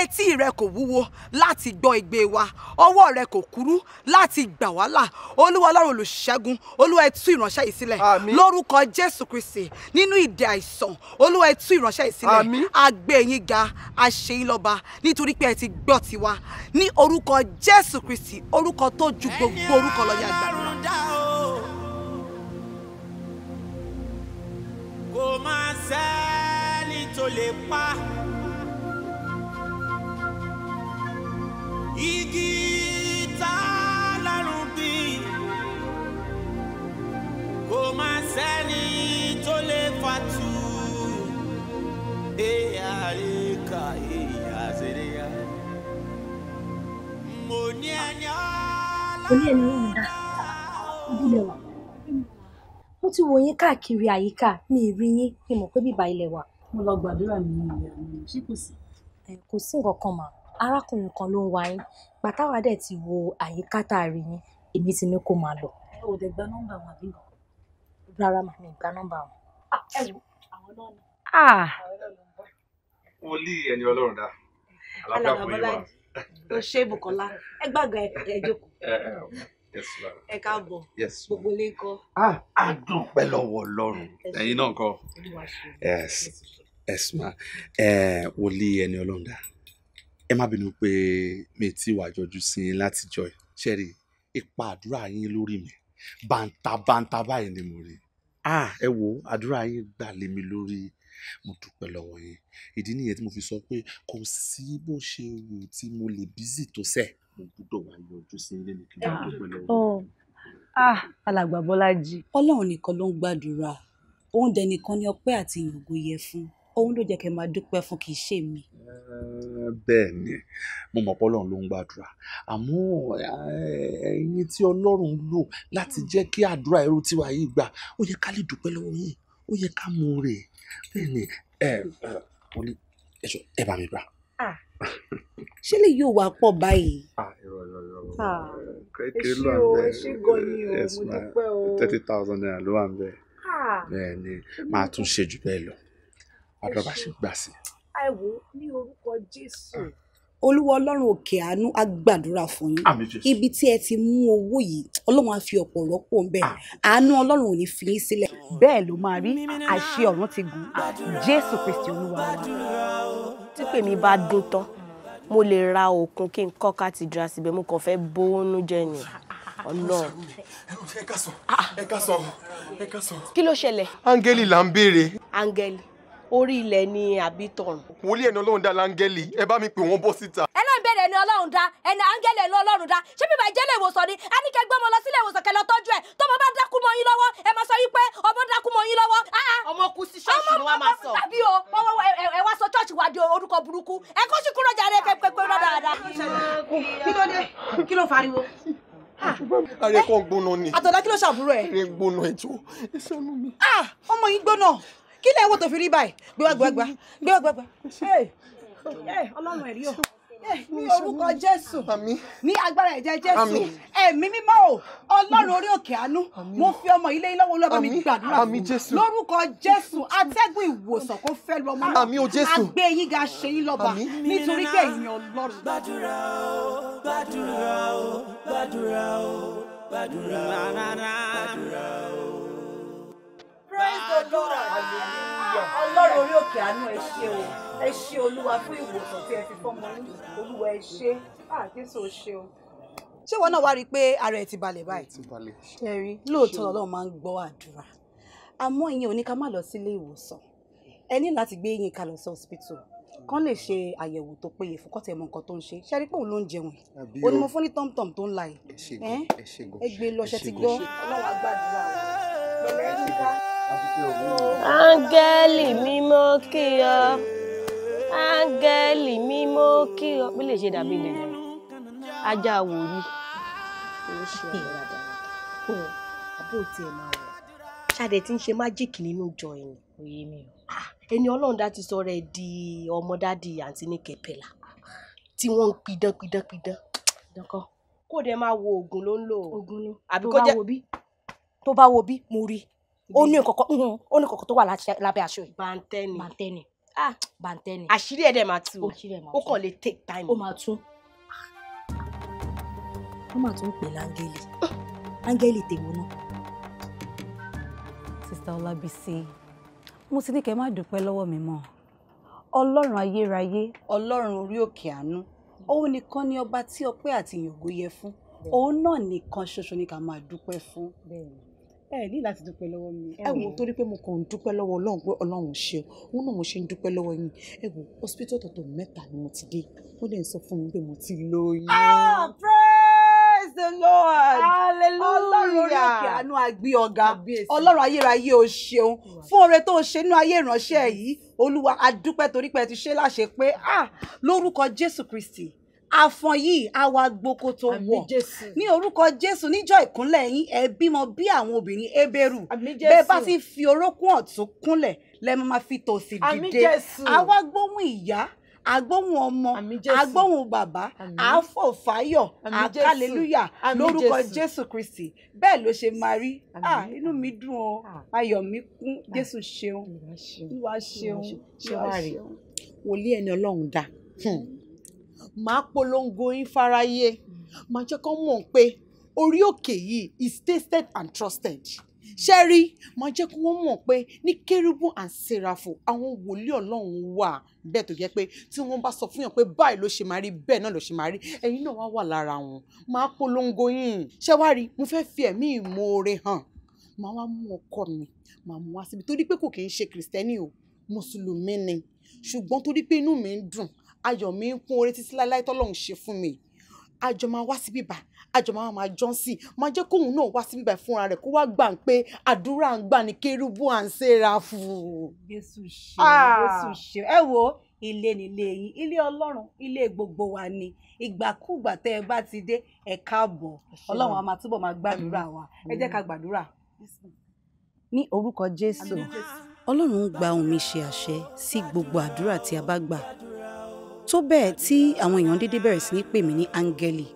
etí rẹ kò wúwo láti gbọ́ igbe wa ọwọ́ rẹ kò kúrú láti gbà wá là olúwa ọlọ́run olùṣẹ́gun olúwa ẹ ìránṣẹ́ yìí sílẹ̀ lórúkọ jésù kristi nínú ìdè àìsàn olúwa ẹ ìránṣẹ́ yìí sílẹ̀ a yín ga a lọ́ba nítorí pé ẹ ti gbọ́ tiwa ní orúkọ jésù kristi orúkọ tó ju gbogbo orúkọ lọ yá kò máa sẹ́ni tó lè pa. igi tá lọ́rùn bí kò máa sẹ́ni tó lè fatu. Eya leka eya sereya. Mo ní ẹni ọlọ́run. Olú ẹni ló ń dá ìdílé wa mo ti wò yín káàkiri àyíká mi ì rí yín mi mọ̀ pé bíbá ilẹ̀ wà. mo lọ gbàdúrà mi ní ìyá mi ṣé kò sí. kò sí nǹkan kan mà arákùnrin kan ló ń wá yín gbàtàwá dẹ̀ ti wo àyíká tá a rí yín èmi ti ní kó máa lọ. ẹ ò dẹ̀ gba nọ́mbà wọn àbí nǹkan. rárá mà mi gba nọ́mbà wọn. Ah, ẹ ah! ẹni ọlọ́run dá alábàbọ̀ yìí wá. o ṣe Bùkọ́lá ẹ gbàgbọ́ ẹ jókòó ẹ káàbọ̀ gbogbo ilé kọ. a dúpẹ́ lọ́wọ́ ọlọ́run ẹ̀yin náà kọ́ ẹ̀sìmá wòlíì ẹni ọlọ́run dá ẹ má bínú pé mi ti wà jọjú sí i látijọ́ ẹ̀ ṣẹ́rí ipa àdúrà yín lórí mi bàǹtà bàǹtà báyìí ni mo rí ẹ wo àdúrà yín gbà lé mi lórí mo dúpẹ́ lọ́wọ́ yín ìdí nìyẹn tí mo fi sọ pé kò sí bó ṣe wù tí mo lè bízì tó sẹ́ẹ̀ mo gbúdọ̀ wá yọjú sí ilé mi kí n ah. dúpẹ́ lọ́wọ́. Oh. ah alàgbà Bọ́lájí ọlọ́run nìkan ló ń gbàdúrà òun dẹ̀ nìkan ni ọpẹ́ àti ìyàngó yẹ fún òun ló jẹ́ kẹ́ máa dúpẹ́ fún kì í ṣe mi. Eh, bẹ́ẹ̀ ni mo mọ̀ pé ọlọ́run ló ń gbàdúrà àmọ́ eh, ẹ̀yin tí ọlọ́run lò láti jẹ́ kí àdúrà irú tiwa yìí gbà ó yẹ ká lè dúpẹ́ lọ́wọ́ yìí ó yẹ ká mú rè bẹ́ẹ̀ ni eh, ẹ ẹ ẹ bá mi gbà. ah ṣé lè yóò wá pọ̀ báyìí. Ah, ah, kékeré ló wà bẹ́ẹ̀ thirty thousand naira ló wà bẹ́ẹ̀ ah. bẹ́ẹ̀ ni máa tún ṣe jù bẹ́ẹ̀ lọ àdọ́bà ṣe gbà sí. ẹ wo ní orúkọ Jésù olúwa ọlọ́run òkè àánú á gbàdúrà fún yín ibi tí ẹ ti mú owó yìí ọlọ́run á fi ọ̀pọ̀ rọ́pò ń bẹ̀ àánú ọlọ́run ò ní fi yín sílẹ̀. bẹ́ẹ̀ ló máa rí àṣẹ ọ̀run ti gùn Jésù Kristi olúwa wa tí pèmí bá dún tán mo lè ra òkun kí n kọ́ kátìdra síbẹ̀ mo kàn fẹ́ bóónú jẹ ni ọlọ́run. ẹ ká sọ ẹ ká sọ. kí ló ṣẹlẹ̀. áńgẹ́lì là ń béèrè. áńgẹ́lì orí ilẹ̀ ni àbí tọ̀run. wòlíì ẹni ọlọ́run dá láńgẹ́lì ẹ bá mi pè wọ́n bọ́ síta. ẹlẹ́ni bẹ̀rẹ̀ ẹni ọlọ́run dá ẹni áńgẹ́lì ẹni ọlọ́run dá ṣé bíbá ìjẹ́ lè wòsàn ni a ní kẹ́ gbọ́mọ lọ sílé ìwòsàn kẹ́ lọ tọ́jú ẹ̀ tó bá dákú mọ́ yín lọ́wọ́ ẹ máa sọ wípé ọmọ dákú mọ́ yín lọ́wọ́. Ah, ah. ọmọ kú sí ṣọ́ọ̀ṣì ni wọ́n máa sọ. o ẹ wá sọ ṣọ́ọ̀ṣì wa di orúkọ burúkú ẹ kó sì kúrò jàre pẹpẹpẹ náà dáadáa. kí ló dé kí ló fariwo ààrẹ ah. kan gbóná ni àtọ̀dá kí ló ṣàbúrò ẹ̀. ààrẹ gbóná ẹjọ́ ẹ ṣàánú mi. ọmọ yìí gbóná kí lẹ wò tó fi rí báyìí gbé wá gbé wá gbé wá gbé wá ọlọ́run ẹ̀rí o ní orúkọ jésù ní agbára ẹ̀jẹ̀ jésù ẹ̀mí mímọ́ o ọlọ́run orí òkè àánú mo fi ọmọ ilé yín lọ́wọ́ olúwa mi gbàdúrà fún lórúkọ jésù atẹ́gùn ìwòsàn kó fẹ́ lọ máa àgbé yín ga ṣe yín lọ́ba nítorí pé èèyàn ọlọ́run. gbàdúrà o gbàdúrà o gbàdúrà o gbàdúrà o gbàdúrà o praise the lord ọlọ́run orí òkè àánú ẹ ṣé o ẹ ṣé olúwa fún ìwòsàn tí ẹ fi fọmọ yín olúwa ẹ ṣé àkíyèsí ah, o o ṣé wọn náà wá rí i pé ara ẹ ti balẹ̀ báyìí ṣe rí lóòótọ́ ọlọ́run máa ń gbọ́ àdúrà àmọ́ ìyẹn ò ká má lọ sílé ìwòsàn ẹ ní láti gbé yín ká sí hospital kán lè ṣe àyẹ̀wò tó péye fún kọ́tẹ̀ mọ nǹkan tó ń ṣe ṣe rí pé òun ló ń jẹun ò fún ní tọ́mtọ́m tó ń la ẹ̀ ẹ gbé lọ ṣe ti gbọ́ ọlọ́run á gbàdúrà rẹ̀ lọ́lẹ́ yíká áńgẹ́lì mímọ́ kí ọ áńgẹ́lì mímọ́ kí ọ bí lè ṣe dàbí lè lọ ajá wòlíì ló ṣe ọ̀rọ̀ àdàlà àbó tiẹ̀ máa wọ̀ ṣáde ń ṣe májíìkì nínú ìjọ ẹni mi o ẹni ọlọ́run dá ti sọ rẹ̀ di ọmọ dádì àǹtí ní kẹpẹ́là tí wọ́n ń pidán pidán pidán dọ́kọ́ kó dẹ̀ máa wo oògùn ló ń lò oògùn ni àbí kó jẹ́ tó bá wo bí mo rí Mm-hmm, ó ní kọ̀kọ́ ó ní kọ̀kọ́ tó wà lábẹ́ aṣọ yìí. bàǹtẹ́ni bàǹtẹ́ni ah bàǹtẹ́ni. àṣírí ẹ̀ dẹ̀ máa tú o ó kàn lè take time. O máa tún ó máa tún pè láńgẹ́lì áńgẹ́lì tèmi náà. sista Ọlábísí mo ti ní kẹ́ má dúpẹ́ lọ́wọ́ mi mọ́ ọlọ́run ayérayé ọlọ́run orí òkè àánú mm. òun nìkan ni ọba tí ọpẹ́ àti ìyògo yẹ fún òun náà nìkan ṣoṣo ni ká máa dúpẹ́ fún. bẹ́ẹ̀ni ẹ ní láti dúpẹ́ lọ́wọ́ mi. ẹ wo torí pé mo kàn ń dúpẹ́ lọ́wọ́ ọlọ́run pé ọlọ́run ṣe òun náà mo ṣe ń dúpẹ́ lọ́wọ́ yín ẹ wo hospital tọ̀tọ̀ mẹ́ta ni mo ti dé wọ́n dẹ̀ sọ fún mi pé mo ti lóyún. Ah, praise the lord hallelujah ọlọ́run orí òkè àánú àgbé ọ̀gá ọlọ́run ayérayé o ṣeun fún oore tó o ṣe nínú ayé ìránṣẹ́ yìí olúwa a dúpẹ́ torí pé ti ṣe láṣẹ pé ah, lórúkọ jésù kristi àfọ̀n yìí á wá gboko tó wọ̀ ní orúkọ jésù níjọ́ ìkúnlẹ̀ yín ẹ bímọ bí àwọn obìnrin ebéèrú bẹ́ẹ̀ bá ti fi orókún ọ̀tún kúnlẹ̀ lẹ́ẹ̀ máa fi tòsì dìde àwa gbóhùn ìyá agbóhùn ọmọ agbóhùn bàbá àfòfáyọ̀ àkàlélúyà lórúkọ jésù kristi bẹ́ẹ̀ ló ṣe máa rí ah, inú mi dùn ọ ah. ayọ̀ mi kún ah. jésù ṣeun wíwá ṣeun ṣeun wòlíì ẹni ọlọ́run dá hmm máa polongo yín fáráyé máa jẹ́ kán mọ̀ pé orí òkè yìí is tasted and trusted ṣe rí máa jẹ́ kí mọ̀ pé ní kérúbù and Seraphu, àwọn wòlíì ọlọ́run wà bẹ́ẹ̀ tó jẹ́ pé tí wọ́n bá sọ fún yàn pé báyìí ló ṣe máa rí bẹ́ẹ̀ náà ló ṣe máa rí ẹ̀yin náà wá wà lára wọn máa polongo yín ṣe wá rí mo fẹ́ fi ẹ̀mí ìmoore hàn máa wá mú ọkọ mi máa mú wá síbi torí pé kò kì í ṣe kìrìsìtẹ́nì o mùsùlùmí ni ṣùgbọ́n torí pé inú mi ń dùn ayọ̀ mi ń kún oore títí láéláé tọ́lọ́run ṣe fún mi àjọ máa wá síbí bá àjọ máa máa Johnson máa jẹ́ kóun náà wá síbí bá fúnra rẹ̀ kó wá gbà ń pé àdúrà ń gbà ní kérúbù à ń ṣera fún. Jésù ṣe ah! Jésù ṣe ẹ wo ilé nílé yín ilé Ọlọ́run ilé gbogbo wa ni ìgbàkúgbà tẹ́ ẹ bá ti dé ẹ káàbọ̀ Ọlọ́run a máa túbọ̀ máa gbàdúrà wa ẹ jẹ́ ká gbàdúrà. ní orúkọ Jésù Ọlọ́run ń gba omi ṣe àṣẹ sí gbogbo àdúrà tí a bá gbà tó bẹ́ẹ̀ tí àwọn èèyàn dédé bẹ̀rẹ̀ sí ní pè mí ní áńgẹ́lì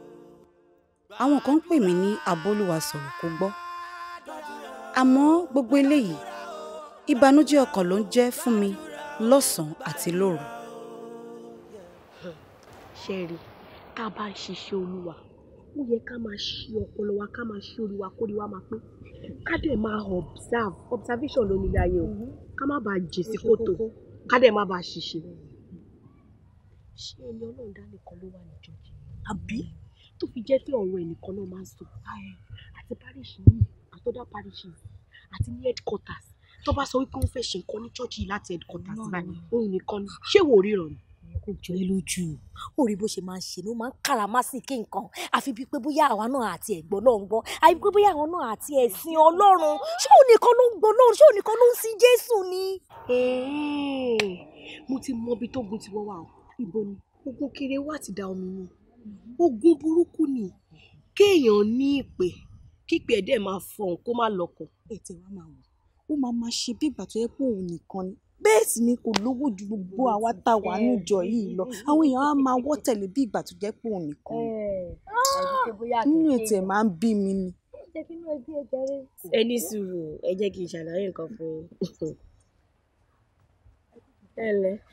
àwọn kan ń pè mí ní abóluwa sọ̀rọ̀ kó gbọ́ àmọ́ gbogbo eléyìí ìbànújẹ́ ọkàn ló ń jẹ́ fún mi lọ́sàn-án àti lóru. ṣẹ́ẹ̀rì tá a bá ń ṣiṣẹ́ olúwa ó yẹ ká máa ṣe ọpọlọ wa ká máa ṣe olúwa kórè wa máa pé ká dẹ̀ máa observe observation lónìí ayé o mm-hmm. ká má bàa jèsí kòtò ká dẹ̀ má bàa ṣiṣẹ́ ṣé ẹni ọlọ́run dá nìkan ló wà ní jọ́ọ̀jì àbí tó fi jẹ́ pé ọ̀rọ̀ ẹnìkan náà máa ń sọ àti parish yìí àtọ́dá parish yìí àti ní headquarters tó bá sọ wípé wọ́n fẹ́ ṣe nǹkan ní chọ́ọ̀chì yìí láti headquarters báyìí òun nìkan ni ṣé wò ríran ni kò jọ ẹ lójú ó rí bó ṣe máa ń ṣe ló máa ń kàràmásìkí nǹkan àfi bíi pé bóyá àwa náà àti ẹ̀gbọ́n náà ń gbọ́ àfi pé bóyá àwọn náà àti ẹ̀sìn ọlọ́run ṣé òun nìkan ló ń gbọ́ lọ́run ṣé òun nìkan ló ń sin jésù ni. mo ti mọ ibi tó gun ti wọ́n wà ibo ni ogun kiri wà ti da omi mu ogun burúkú ni kéèyàn ní ìpè kípe ẹ̀ dẹ̀ máa fọ̀n kó má lọ́kọ̀. ètè wa máa wọ̀ ó máa máa ṣe bí ìgbà tó yẹ pé òun nìkan ni bẹ́ẹ̀ sì ni kò lówó ju gbogbo àwa tá a wà níjọ yìí lọ àwọn èèyàn á máa wọ́ tẹ̀lé bí ìgbà tó jẹ́ pé òun nìkan ni nínú ètò ẹ̀ máa ń bí mi ni. ẹ sùúrù ẹ jẹ́ kí n ṣàlàyé nǹkan fún yín.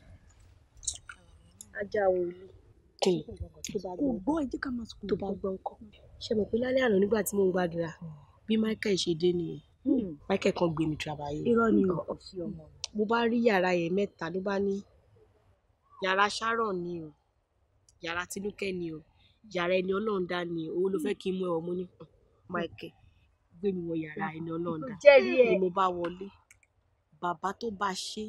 ajá wòlíì kò gbọ́ ẹ jẹ́ ká máa sọ̀rọ̀ tó bá gbọ́ nǹkan ṣe mọ̀ pé lálẹ́ àná nígbà tí mò ń gbàdúrà bí Michael ṣe dé nìyẹn hmm. Michael kan gbé mi tìrabàyè irọ́ ni o mo bá rí yàrá yẹn mẹ́ta ló bá ní yàrá Sharon ni o yàrá Tinúkẹ́ ni o yàrá ẹni Ọlọ́run dá ni o owó ló fẹ́ kí n mú ẹ̀wọ̀n mú ní hmm, Michael gbé mi wọ yàrá ẹni Ọlọ́run dá ni mo bá wọlé bàbá tó bá ṣe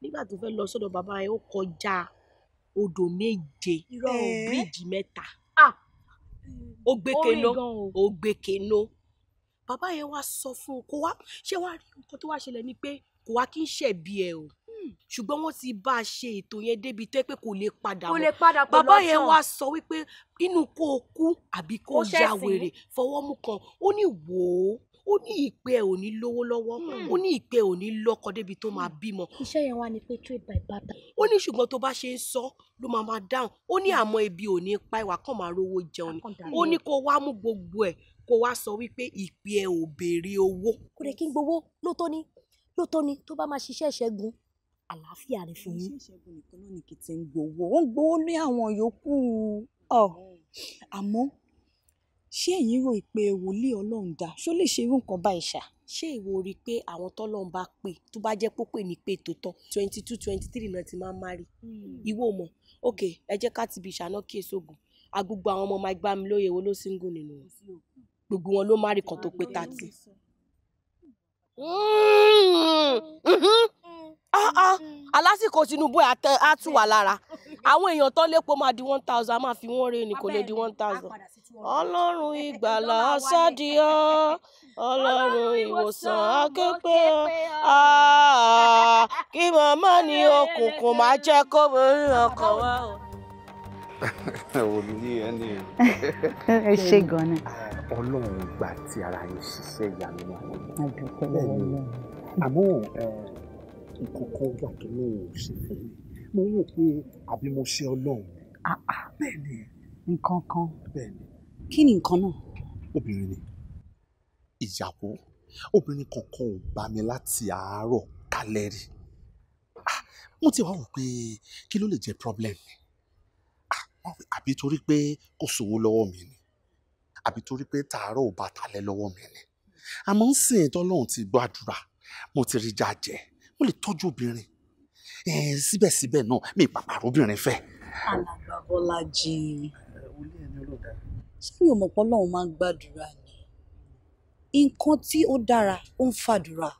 nígbà tó fẹ́ lọ sọ́dọ̀ bàbá yẹn ó kọjá odò méje irọ́ bíríìjì mẹ́ta ó gbé kéno ó gbé kéno bàbá yẹn wá sọ fún un kó wá ṣé wàá rí nǹkan tó wá ṣẹlẹ̀ ni pé kò wá kí n ṣẹ̀bi ẹ̀ o hmm. ṣùgbọ́n wọ́n ti bá a ṣe ètò yẹn débi tẹ́ pé kò lè padà wọ́n bàbá yẹn wá sọ wípé inú kó o kú àbí kó o ya wèrè fọwọ́ mú kan ó ní wò ó ní ìpè ẹ ò ní lówó lọ́wọ́ hmm. ó ní ìpè ẹ ò ní lọ́kọ débi tó máa hmm. bímọ. iṣẹ́ yẹn wá ni pé trade by barter. ó ní ṣùgbọ́n tó bá ṣe ń sọ ló máa máa dáhùn ó ní hmm. àmọ́ ebi ò ní pa ìwà kàn máa rówó jẹun ni ó ní kó wá mú gbogbo ẹ̀ kó wá sọ wípé ìpè ẹ ò béèrè owó. kò dé kí n gbowó lóòótọ́ ni lóòótọ́ ni tó bá máa ṣiṣẹ́ ìṣẹ́gun àlàáfíà rẹ fún yín. ìṣègùn nìkan náà ṣé ẹ̀yin rò pé wòlíì ọlọ́run dá ṣó lè ṣe irú nǹkan báyìí ṣá ṣé ìwọ rí i pé àwọn tọ́lọ́run bá pè tó bá jẹ́ pópè ní pé tó tán twenty two twenty three náà ti máa ń márì hmm. ìwọ mọ̀ ok ẹ jẹ́ ká ti bi ìṣáná kí èso ògùn agbègbè àwọn ọmọ máa gbá mi lóye wo ló single nínú wọn gbogbo wọn ló márì kan tó pé thirty. Ah, ah. Mm. alásìkò Tinubu á tù wá lára àwọn èèyàn tó lépo máa di one thousand a máa fi wọ́n rè ní kò lè di one thousand ọlọ́run ìgbàlà sádi ọ́ ọlọ́run ìwòsàn akéèpé ah, ọ́ kí màmá ní òkùnkùn máa jẹ́ kó mo rí ọkàn wá o. ò ní ẹni ẹ ṣe gan-an. ọlọ́run gbà tí ara yín ṣiṣẹ́ ìyanu wọn. àdúgbò lọ́wọ́ àmọ́ ẹ. Eh, nǹkan kan wà tó lóun ò ṣe fún mi mo wò pé àbí mo ṣe ọlọ́run. bẹ́ẹ̀ ni. Ah, ah. nǹkan kan. bẹ́ẹ̀ ni. kí ni nǹkan náà. obìnrin ni ìyàwó obìnrin kankan ò bá mi láti àárọ̀ kálẹ̀ rí ah, mo ti wá wò pé kí ló lè jẹ́ problem àbí torí pé kò sówó lọ́wọ́ mi ni àbí torí pé tààrọ̀ ò bá talẹ̀ lọ́wọ́ mi ni àmọ́ ń sìn tọ́lọ́run ti gbàdúrà mo ti rí jájẹ́ ó lè tọ́jú obìnrin síbẹ̀síbẹ̀ náà mi pàpà obìnrin fẹ́. alàgbà bọ́lájí ṣé mi ò mọ̀ pé ọlọ́run máa ń gbàdúrà ni nǹkan tí ó dára ó ń fàdúrà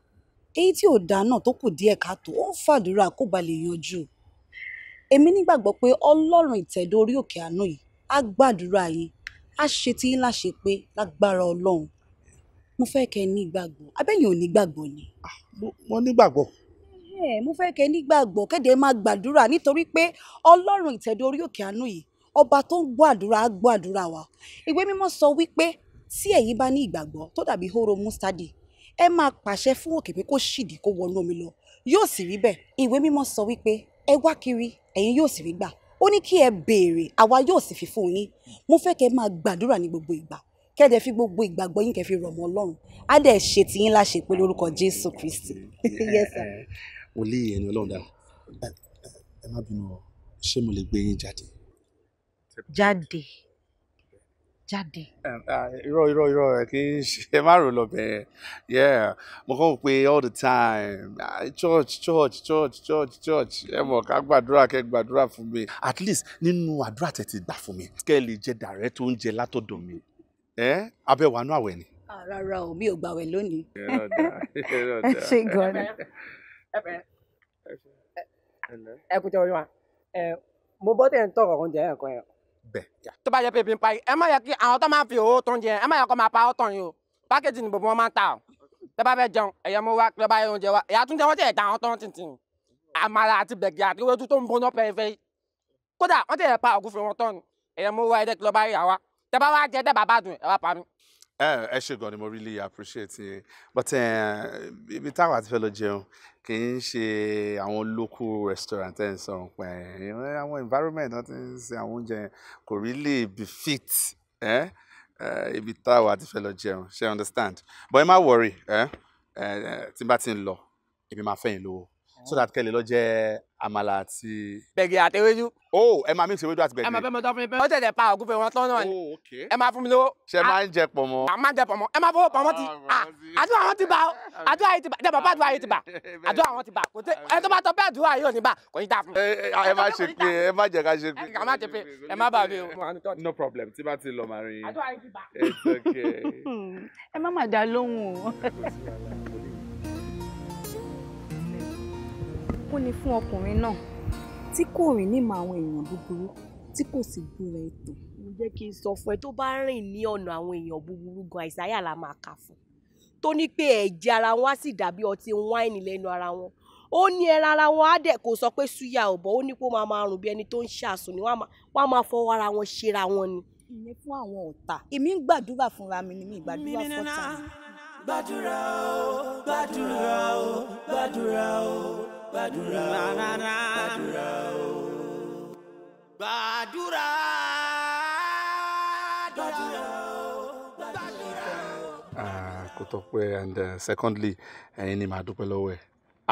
èyí tí ò dáa náà tó kù díẹ̀ káàtó ó ń fàdúrà kó ba lè yanjú èmi nígbàgbọ́ pé ọlọ́run ìtẹ̀dọ́ òkè àánú yìí á gbàdúrà yín á ṣe tí yín láṣẹ pé lágbára ọlọ́run mo fẹ́ kẹ́ ẹ ní ìgbàgbọ́ abẹ́yìn ò ní ìgbàgbọ́ ni. Ah, mo nígbàgbọ́ Eh, mo fẹ́ kẹ́ nígbàgbọ́ kéde máa gbàdúrà nítorí pé ọlọ́run ìtẹ̀dó orí òkè àánú yìí ọba tó ń gbọ́ àdúrà á gbọ́ àdúrà wa ìwé mímọ́ sọ wípé tí ẹ̀yin bá ní ìgbàgbọ́ tó dàbí hóró mustadi ẹ máa pàṣẹ fún òkè pé kó ṣìdí kó wọnú omi lọ yóò sì rí bẹ́ẹ̀ ìwé mímọ́ sọ wípé ẹ wá kiri ẹ̀yin yóò sì rí gbà ó ní kí ẹ béèrè àwa yóò sì fi fún yín mo fẹ́ kẹ́ máa gbàdúrà ní gbogbo ìgbà kẹ́ẹ̀dẹ̀ fi gbogbo ìgbàgbọ́ yín kẹ́ fi rọ̀ mọ́ ọlọ́run á dẹ̀ ṣe tiyín láṣepé lórúkọ jésù kristi yes mo lé ẹni ọlọ́run dáhùn. ẹ má bínú ọ ṣé mo lè gbé yín jáde. jáde jáde. irọ́ irọ́ irọ́ ẹ kì í ṣe ẹ má rò lọ bẹ́ẹ̀ yeah mo kàn ń all the time ah, church church church church church ẹ mọ̀ ká gbàdúrà kẹ́ gbàdúrà fún mi at least nínú àdúrà tẹ̀ ti gbà fún mi kẹ́ ẹ lè jẹ dàrẹ́ tó ń jẹ látọ̀dọ̀ mi ẹ abẹ́ wàánú àwẹ̀ ni. Ah, rárá o mi ò gbàwẹ̀ lónìí. ẹ ṣe gan-an. ẹkùn tẹ oyún wa mo bọ́ tẹ̀ ń tọrọ oúnjẹ yẹn kan yẹn. bẹ́ẹ̀. tó bá yẹ pé pípa yìí ẹ má yẹ kí àwọn tó máa fi owó tó ń jẹ ẹ má yẹ kó máa pa ọ́ tàn yìí o pákéjì ni bòbò wọn máa ń ta o tẹ bá fẹ́ jẹun ẹ̀yẹ mo wá tẹ bá yẹ oúnjẹ wa ìyá tún jẹ wọ́n tẹ̀ ta àwọn tó tìǹtìǹ àmàlà àti bẹ̀gì àti ewédú tó ń bọ́ná pẹ́ẹ́fẹ́ kódà wọ́n tẹ̀ pa ògúnfe wọn tán ni ẹ̀yẹ mo wá ẹ̀dẹ́kìlọ́ba yà wa tẹ bá wá jẹ dẹ́ bàbá dùn ẹ̀ wá pa mí ẹ ṣe gan ni mo really appreciate yín but ibi táwa ti fẹ́ lọ jẹun kì í ṣe àwọn local restaurant ẹ̀ ń sọ̀rọ̀ pẹ̀ àwọn environment náà ti ń ṣe àwọn oúnjẹ kò really befit ibi táwa ti fẹ́ lọ jẹun ṣe understand but ẹ má worry tí n bá ti ń lọ èmi máa fẹ́ lówó so that kẹ́ lè lọ jẹ àmàlà àti. gbẹ̀gẹ̀ àti ewédú. o oh, ẹ máa mix ewédú àti gbẹ̀gẹ̀. ẹ máa fẹ́ mọ tó fún mi bẹ́ẹ̀. ó tẹ̀lé pa ògúnfẹ̀ wọn tán náà ni. Oh, ẹ máa fún mi lówó. ṣe máa ń jẹ pọ̀mọ́. a máa ń jẹ pọ̀mọ́ ẹ máa fọwọ́ pọ̀mọ́ ti. Ah, ah, àdúrà wọn ti bà ó àdúrà yìí ti bà jẹ bàbá àdúrà yìí ti bà àdúrà wọn ti bà kò tẹ ẹ tó bá tọ bẹ́ẹ̀ àdúrà yóò ní bà kò ní dà fún mi. ẹ má ṣe pé ẹ má jẹ ká ṣe pé. ẹ má ṣe pé ẹ má bà mí no problem tí bá ti lọ màá rí. àdúrà yìí ti bà. ẹ má má dá lóhùn ni fún ọkùnrin náà tí kò rìn nímọ̀ àwọn èèyàn búburú tí kò sì gbúra ètò. mo jẹ́ kí n sọ fún ẹ tó bá rìn ní ọ̀nà àwọn èèyàn búburú gan àìsáyà la máa kà fún tó ní pé ẹ̀jẹ̀ ara wọn á sì dàbí ọtí wáìnì lẹ́nu ara wọn ó ní ẹran ara wọn á dẹ̀ kó sọ pé súyà ò bọ́ ó ní pé ó máa máa rùn bí ẹni tó ń ṣàṣùn ni wọ́n á máa fọwọ́ ara wọn ṣera wọn ni. ìyẹn fún àwọn ọ̀tá èmi ń gbàdúrà fúnra mi ni mi gbàdúrà fọ́tà gbàdúrà o gbàdúrà o. gbàdúrà gbàdúrà gbàdúrà o. kò tọ́pẹ́ and uh, secondly ẹ̀yin ni màá dúpẹ́ lọ́wọ́ ẹ̀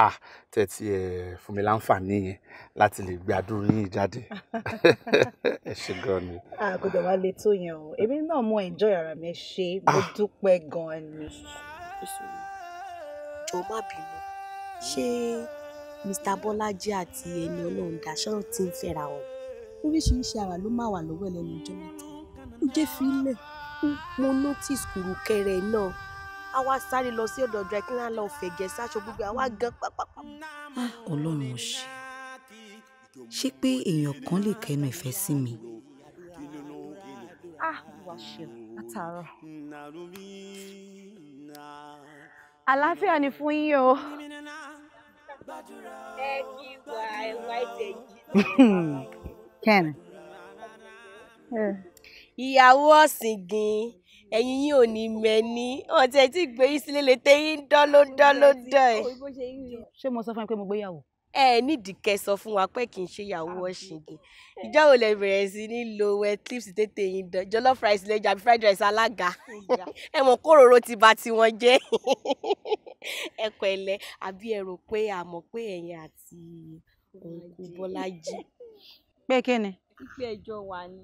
ah tẹ́tí ẹ fún mi láǹfààní yẹn láti lè gbàdúrà yín jáde ẹ ṣe gan ni. àgùdọ̀ wa lè tó yẹn o èmi náà mo enjoy ara mi ṣe mo dúpẹ́ gan-an ni. jọ̀ọ́ má bínú ṣé mr bọ́lájí àti ẹni ọlọ́run dàṣọ́rọ̀ ti ń fẹ́ra wọn oríṣiríṣi ara ló máa wà lọ́wọ́ ẹlẹ́nu ọjọ́ mẹ́ta ó jẹ́ fílẹ̀ mo notice kùrùkẹrẹ náà a wá sáré lọ sí ọ̀dọ̀ dry cleaner lọ fẹ̀jẹ̀ sáṣọ gbogbo àwa gan pápápá. Ah, ọlọ́run ò ṣe ṣé pé èèyàn kan lè kẹnu ìfẹ́ sí mi. ah wà á ṣe látàárọ̀. àlàáfíà ni fún yín o. Ken. ìyàwó ọ̀sìngìn ẹ̀yìn yìí ò ní mẹ́ni ọ̀tẹ̀ tí gbé yín sílé lè tẹ́yìn dán ló dán ẹ̀. ṣé mo sọ fún ẹ pé mo gbéyàwó ẹ nídìí kẹ́ sọ fún wa pé kì í ṣe ìyàwó washington ah, ìjọ wo lẹ bẹ̀rẹ̀ sí ní lo wet clips tètè yín dán jollof rice lẹjà àbí fried rice alága ẹ mọ̀ kóróró ti bà tiwọn jẹ́ ẹ pẹ̀lẹ́ àbí ẹ rò pé a mọ̀ pé ẹ̀yin àti òǹkùn Bọ́lájí. pé kí ni. pípé ẹjọ́ wa ni.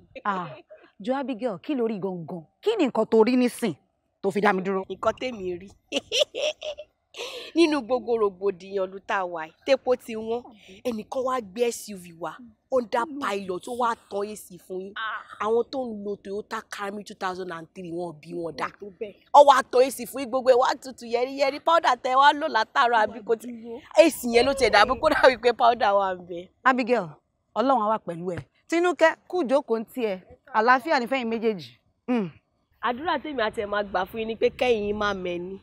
jọ Abigail kí lórí gangan kí ni nǹkan tó rí nísìn tó fi dá mi dúró. nǹkan tèmi rí. nínú gbogbo rògbòdìyàn ọdún tá a wà yìí tepo ti wọ́n ẹnìkan wá gbé SUV wá under hmm. pilot tó wá tán èsì fún yín ah. àwọn tó ń lo Toyota Camry two thousand and three wọn bí wọn dá ọ wá tán èsì fún yín gbogbo ẹ wá tutù yẹriyẹri powder tẹ wá lò látàrọ àbí kò tí èsì yẹn ló tẹ dàbí kó dàbí pé powder wà ń bẹ. Abigail Ọlọ́run á wà pẹ̀lú ẹ Tinúkẹ́ kújókòó ń tiẹ̀ àlàáfíà nífẹ̀yìn méjèèjì. Hmm. àdúrà tèmi àti ẹ̀ máa gbà fún yín ni pé kẹ́yìn máa mẹ́ni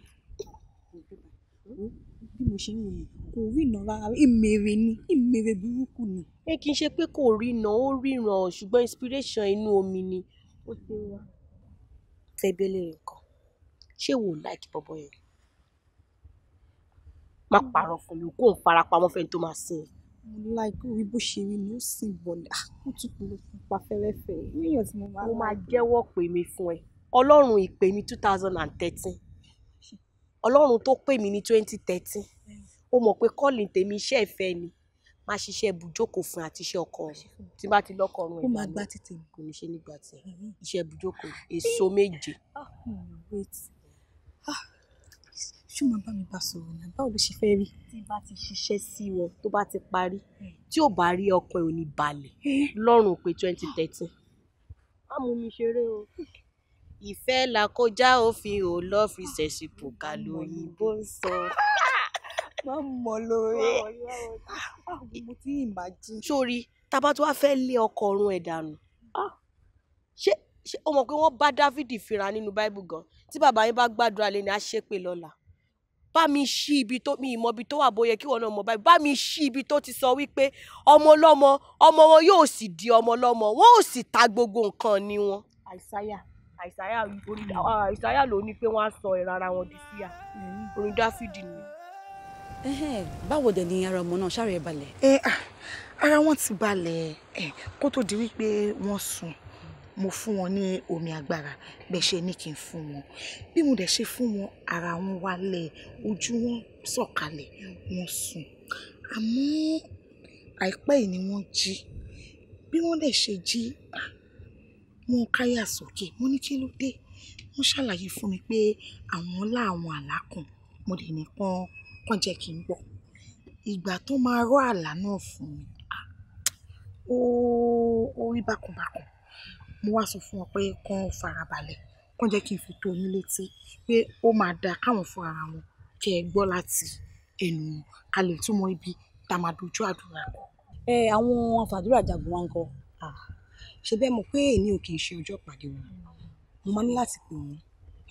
bí mo ṣe ń yẹn kò ríran rárá ìmèrè ni ìmèrè burúkú ni. ẹ kì í ṣe pé kò ríran ó ríran ṣùgbọ́n inspiration inú omi ni ó ti ń wá. fẹ́ bẹ́lẹ̀ nǹkan ṣé wò ó láìkí bọ́bọ́ yẹn má parọ́ fún mi kó n fara pamọ́ fẹ́ni tó máa sin. mo láìpẹ́ orí bó ṣe rí ni ó sì bọ̀lẹ̀ ah, ó tún kúrò fún pa fẹ́rẹ́fẹ́ èèyàn tí mo máa. jẹ́wọ́ pè mí fún ẹ ọlọ́run ìpè mi two thousand and thirteen ọlọ́run tó pè mí ní twenty thirteen ó mọ̀ pé kọ́ọ̀lì tèmi iṣẹ́ ìfẹ́ ni má ṣiṣẹ́ ibùjókòó fún àti iṣẹ́ ọkọ rẹ̀ tí bá ti lọ́kọ rẹ̀ ó máa gbá títì kò ní ṣe nígbà tí mm-hmm. iṣẹ́ ibùjókòó èso méje. Ah, hmm, ah, ṣé màá bá mi bá sọ̀rọ̀ náà báwo ló ṣe fẹ́ rí. tí bá ti ṣiṣẹ́ sí wọ tó bá ti parí hmm. tí ò bá rí ọkọ ẹ̀ ò ní balẹ̀ eh? lọ́rùn pé twenty thirteen. Ah, á mú mi ṣeré o ìfẹ́ là kọjá òfin ò love relationship kà lóyìnbó ń sọ. má mọ lóore ah, ah, sórí tábà tó fẹ́ lé ọkọ ọ̀run ẹ̀ dànù ah. ṣé o mọ̀ pé wọ́n bá Dáfídì fira nínú báíbù gan tí bàbá yín bá gbàdúrà lé ní àṣepè lọ́la bá mi ṣí ibi tó mi ìmọ̀ ibi tó wà bóyá kí wọn náà mọ̀ báyìí bá mi ṣí ibi tó ti sọ wípé ọmọ ọlọ́mọ ọmọ wọn yóò sì di ọmọ ọlọ́mọ wọn ò sì ta gbogbo nǹkan ni wọn. àìsáyà àìsàyà orí àìsàyà ló ní pé wọ́n á sọ ìran ara wọn di síyà orin dáfídì ni. báwo dẹ̀ ni ara ọmọ náà ṣàrẹ̀ balẹ̀. Eh, ah, ara wọn ti balẹ̀ eh, kó tó di wípé wọ́n sùn mo fún wọn ní omi agbára bẹ́ẹ̀ ní kí n fún wọn bí mo dẹ̀ ṣe fún wọn ara wọn wálẹ̀ ojú wọn sọ̀kalẹ̀ wọ́n sùn àmọ́ àìpẹ́ yìí ni wọ́n jí bí wọ́n dẹ̀ ṣe jí ah, wọ́n káyà sókè mo ní kí ló dé wọ́n ṣàlàyé fún mi pé àwọn láwọn àlá kan mo lè ní pọ́n kàn jẹ́ kí n gbọ́ ìgbà tó máa rọ́ àlá náà fún mi ó ó rí bákùnbákùn mo wá sọ fún wọn pé kán farabalẹ̀ kán jẹ́ kí n fi tó yín létí pé ó máa dáa káwọn fún ara wọn kẹ́ ẹ gbọ́ láti ẹnu wọn ká lè túmọ̀ ibi tá a máa dojú àdúrà kọ. ẹ àwọn afàdúrà jagun wa ń kọ ṣe bẹ́ẹ̀ mọ̀ pé èmi ò kì í ṣe ọjọ́ ìpàdé wọn mo máa ní láti pè wọn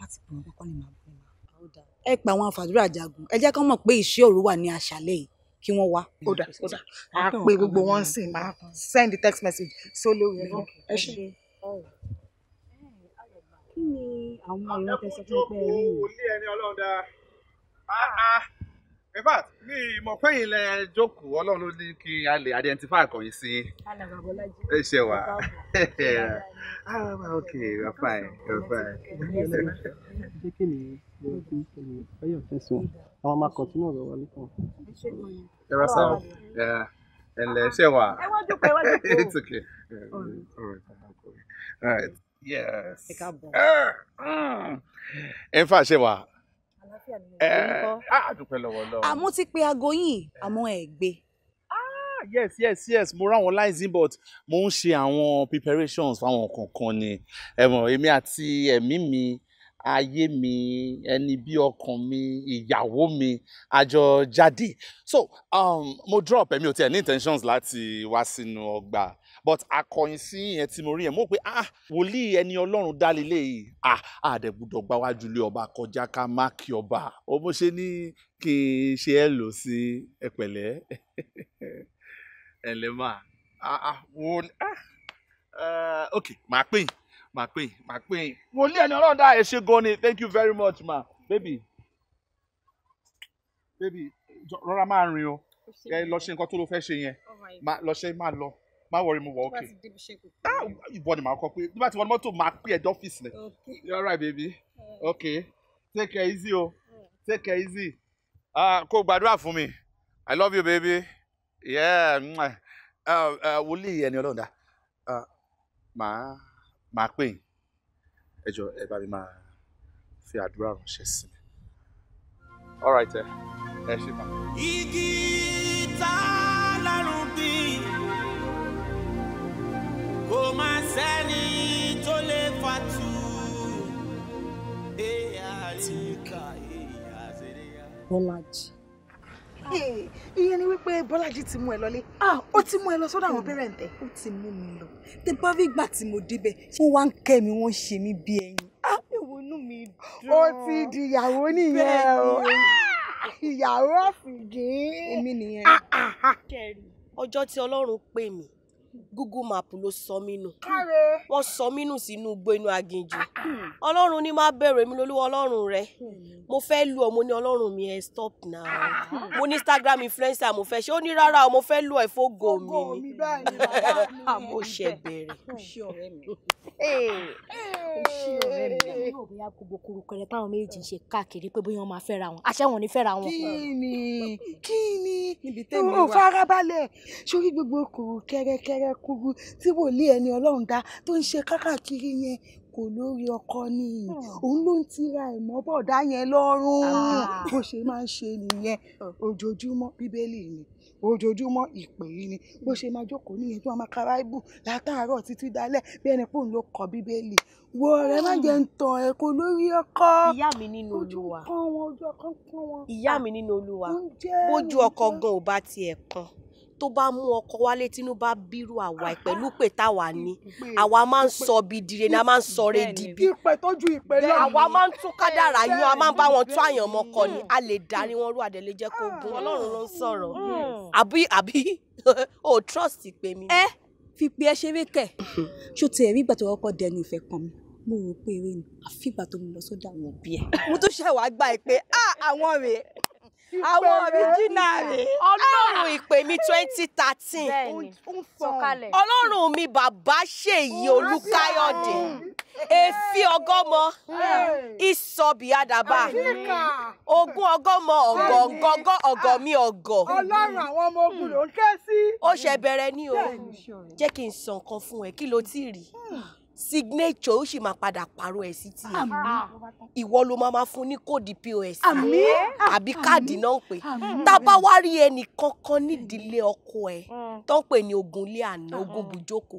láti pè wọn kọ́kọ́ ní màá bọ́ wọn. ẹ pa àwọn àfàdúrà jagun ẹ jẹ́ kán mọ̀ pé iṣẹ́ òru wà ní àṣálẹ́ yìí kí wọ́n wá. ó dà ó dà á pé gbogbo wọn sì máa send text message sólò yẹn náà ẹ ṣe. kí ni àwọn ìrántí sọ pé ẹ rí i in fact mi mọ̀ pé ilẹ̀ jókòó ọlọ́run ló ní kí a lè identify àkànyìn sí i. ẹ ṣe wà ah ok you're fine you're fine. ṣé kí ni mo fi ṣe ní ọyọ fẹsùn àwọn máa kọ sínú ọ̀rọ̀ wọlé kan. ẹ ṣe wà. ẹ wá jókòó ẹ wá jókòó. it's okay. Alright, yes. ẹ káàbọ̀. ẹ ń fà ṣe wà àlàáfíà ni mo rí kọ́. a dúpẹ́ lọ́wọ́ lọ́wọ́. àmọ́ ti pe aago yìí àmọ́ ẹ̀ gbé. ah yes yes yes mo ráwọn láìsí but mo ń ṣe àwọn preparations fáwọn kankan ni ẹ̀mọ̀ èmi àti ẹ̀mí mi ayé mi ẹni bí ọkàn mi ìyàwó mi àjọ jáde so um, mo drop ẹ̀mí ò tiẹ̀ ní intentions láti wá sínú ọgbà but akọ̀yìn sí yẹn tí mo rí yẹn mo pé ah wòlíì ẹni ọlọ́run dá yìí ah àdẹ̀gbùdọ̀ gbá wájú lé ọba kọjá ká má kí ọba ó bó ṣe ní kí n ṣe ẹ lò sí ẹpẹ̀lẹ́ ẹlẹ́mà ah, ah wòlíì ah eh, ok màá pè yín màá pè yín màá pè yín wòlíì ẹni ọlọ́run dá ẹ gan ni thank you very much ma baby baby rọra máa rìn o lọ ṣe nǹkan tó lọ fẹ́ ṣe yẹn oh lọ ṣe máa lọ má wọrí mo wọ ok ah, ìbọn ni màá kọ pé nígbà tí wọn mọ́tò máa pè ẹ́ dọ́fíìsì rẹ all right baby ok take care easy o take care easy ah, kó gbàdúrà fún mi i love you baby yeah ah, wòlíì ẹni ọlọ́run dá màá màá pè yín ẹ jọ̀ọ́ ẹ bá mi máa fi àdúrà ránṣẹ́ sí mi all right ẹ ẹ ṣe máa. igi ta. sẹ́ni tó lè fatu Bọ́lájì. Iye ni wípé Bọ́lájì ti mú ẹ lọlé. Ah, ó ti mú ẹ lọ sọ́dọ̀ àwọn mm. pẹ́rẹ́ǹtẹ̀. Ó ti mú mi lọ. Tẹ bá rí ìgbà tí mo débẹ̀, wọ́n wá ń kẹ́ mi, wọ́n ṣe mí bí ẹyin. Ìwọ ah, mi dùn. Ó ti di ìyàwó nìyẹn o. Ah, ìyàwó ọ̀sìn dín. Èmi nìyẹn. ọjọ́ tí Ọlọ́run pè mí. Google Map ló sọ mí nù wọ́n sọ mí nù sínú igbó inú aginjù ah, ah. ọlọ́run ní máa bẹ̀rẹ̀ mi lolúwa ọlọ́run rẹ hmm. mo fẹ́ lu ọ mo ní ọlọ́run mi ẹ stop now ah, mo ní Instagram influencer mo fẹ́ ṣe ó ní rárá o mo fẹ́ lu ẹ fógo mi ni àmọ́ ṣe hmm. bẹ̀rẹ̀. gbogbo hmm. eh. korokoro táwọn méjì ń ṣe káàkiri pé bóyá wọn máa fẹ́ra wọn àṣẹ wọn ò ní fẹ́ra wọn. kí ni kí ni o farabalẹ̀ sórí gbogbo kòrò kẹ́rẹ́kẹ́rẹ́ ẹkùnrù tí wòlíì ẹni ọlọ́run dá tó ń ṣe kákàkiri yẹn kò lórí ọkọ ni hmm. òun ló ń tira ìmọ́bọ̀dá yẹn lọ́rùn bó ṣe máa ń ṣe nìyẹn hmm. ojoojúmọ́ bíbélì ni ojoojúmọ́ ìpè yìí ni bó ṣe máa jókòó nìyẹn tó máa kára ibù látàárọ̀ títí dalẹ́ bí ẹni pòun ló kọ bíbélì wo rẹ má hmm. jẹ́ ń tàn ẹ́ kò lórí ọkọ. ìyá mi nínú olúwa ìyá mi nínú olúwa bójú ọkọ gan ò bá tiẹ̀ kan tó bá mú ọkọ wálé tínú bá bírú àwa pẹ̀lú pé táwa ni àwa máa ń sọ bidire ni a máa ń sọ re dibi àwa máa ń tún kádàrá yún a máa ń bá wọn tún àyàn mọ́kọ ni a lè darí wọn rú àdẹ̀lẹ̀ jẹ́ kó gun ọlọ́run ló ń sọ̀rọ̀ àbí àbí o trust ìpè mi. ẹ fi ẹ ṣeré kẹ ṣó tiẹ̀ rí ìgbà tó dẹnu ìfẹ́ kan mi mo rò pé eré ni àfìgbà tó mi lọ sọ́dọ̀ àwọn òbí ẹ̀. mo tún ṣẹ̀wá gbà ẹ pé ah, àwọn rèé àwọn ọ̀ríjínàrì ọlọ́run ah! ìpè mi twenty thirteen ọlọ́run mi bàbá ṣèyí olúkáyọ̀dé Efi ọgọ́mọ ìsọ̀bì àdàbà ogún ọgọ́mọ ọ̀gọ̀ǹgọ̀gọ̀ ọ̀gọ̀mí ọ̀gọ̀. ọlọ́run àwọn ọmọ ogun ló ń ké sí. ó ṣe bẹ̀rẹ̀ ní o jẹ́ kí n sọ nǹkan fún ẹ kí ló ti rí. Hmm signature ó sì máa padà pààrọ̀ ẹ̀ sí tiẹ̀ ah. ìwọ ló máa fún ní kóòdì pos àbí káàdì náà ń pè tá a bá wá rí ẹnì kankan nídìílé ọkọ ẹ mm. tó ń pè ní ogun ilé àná mm. ogun bùjókò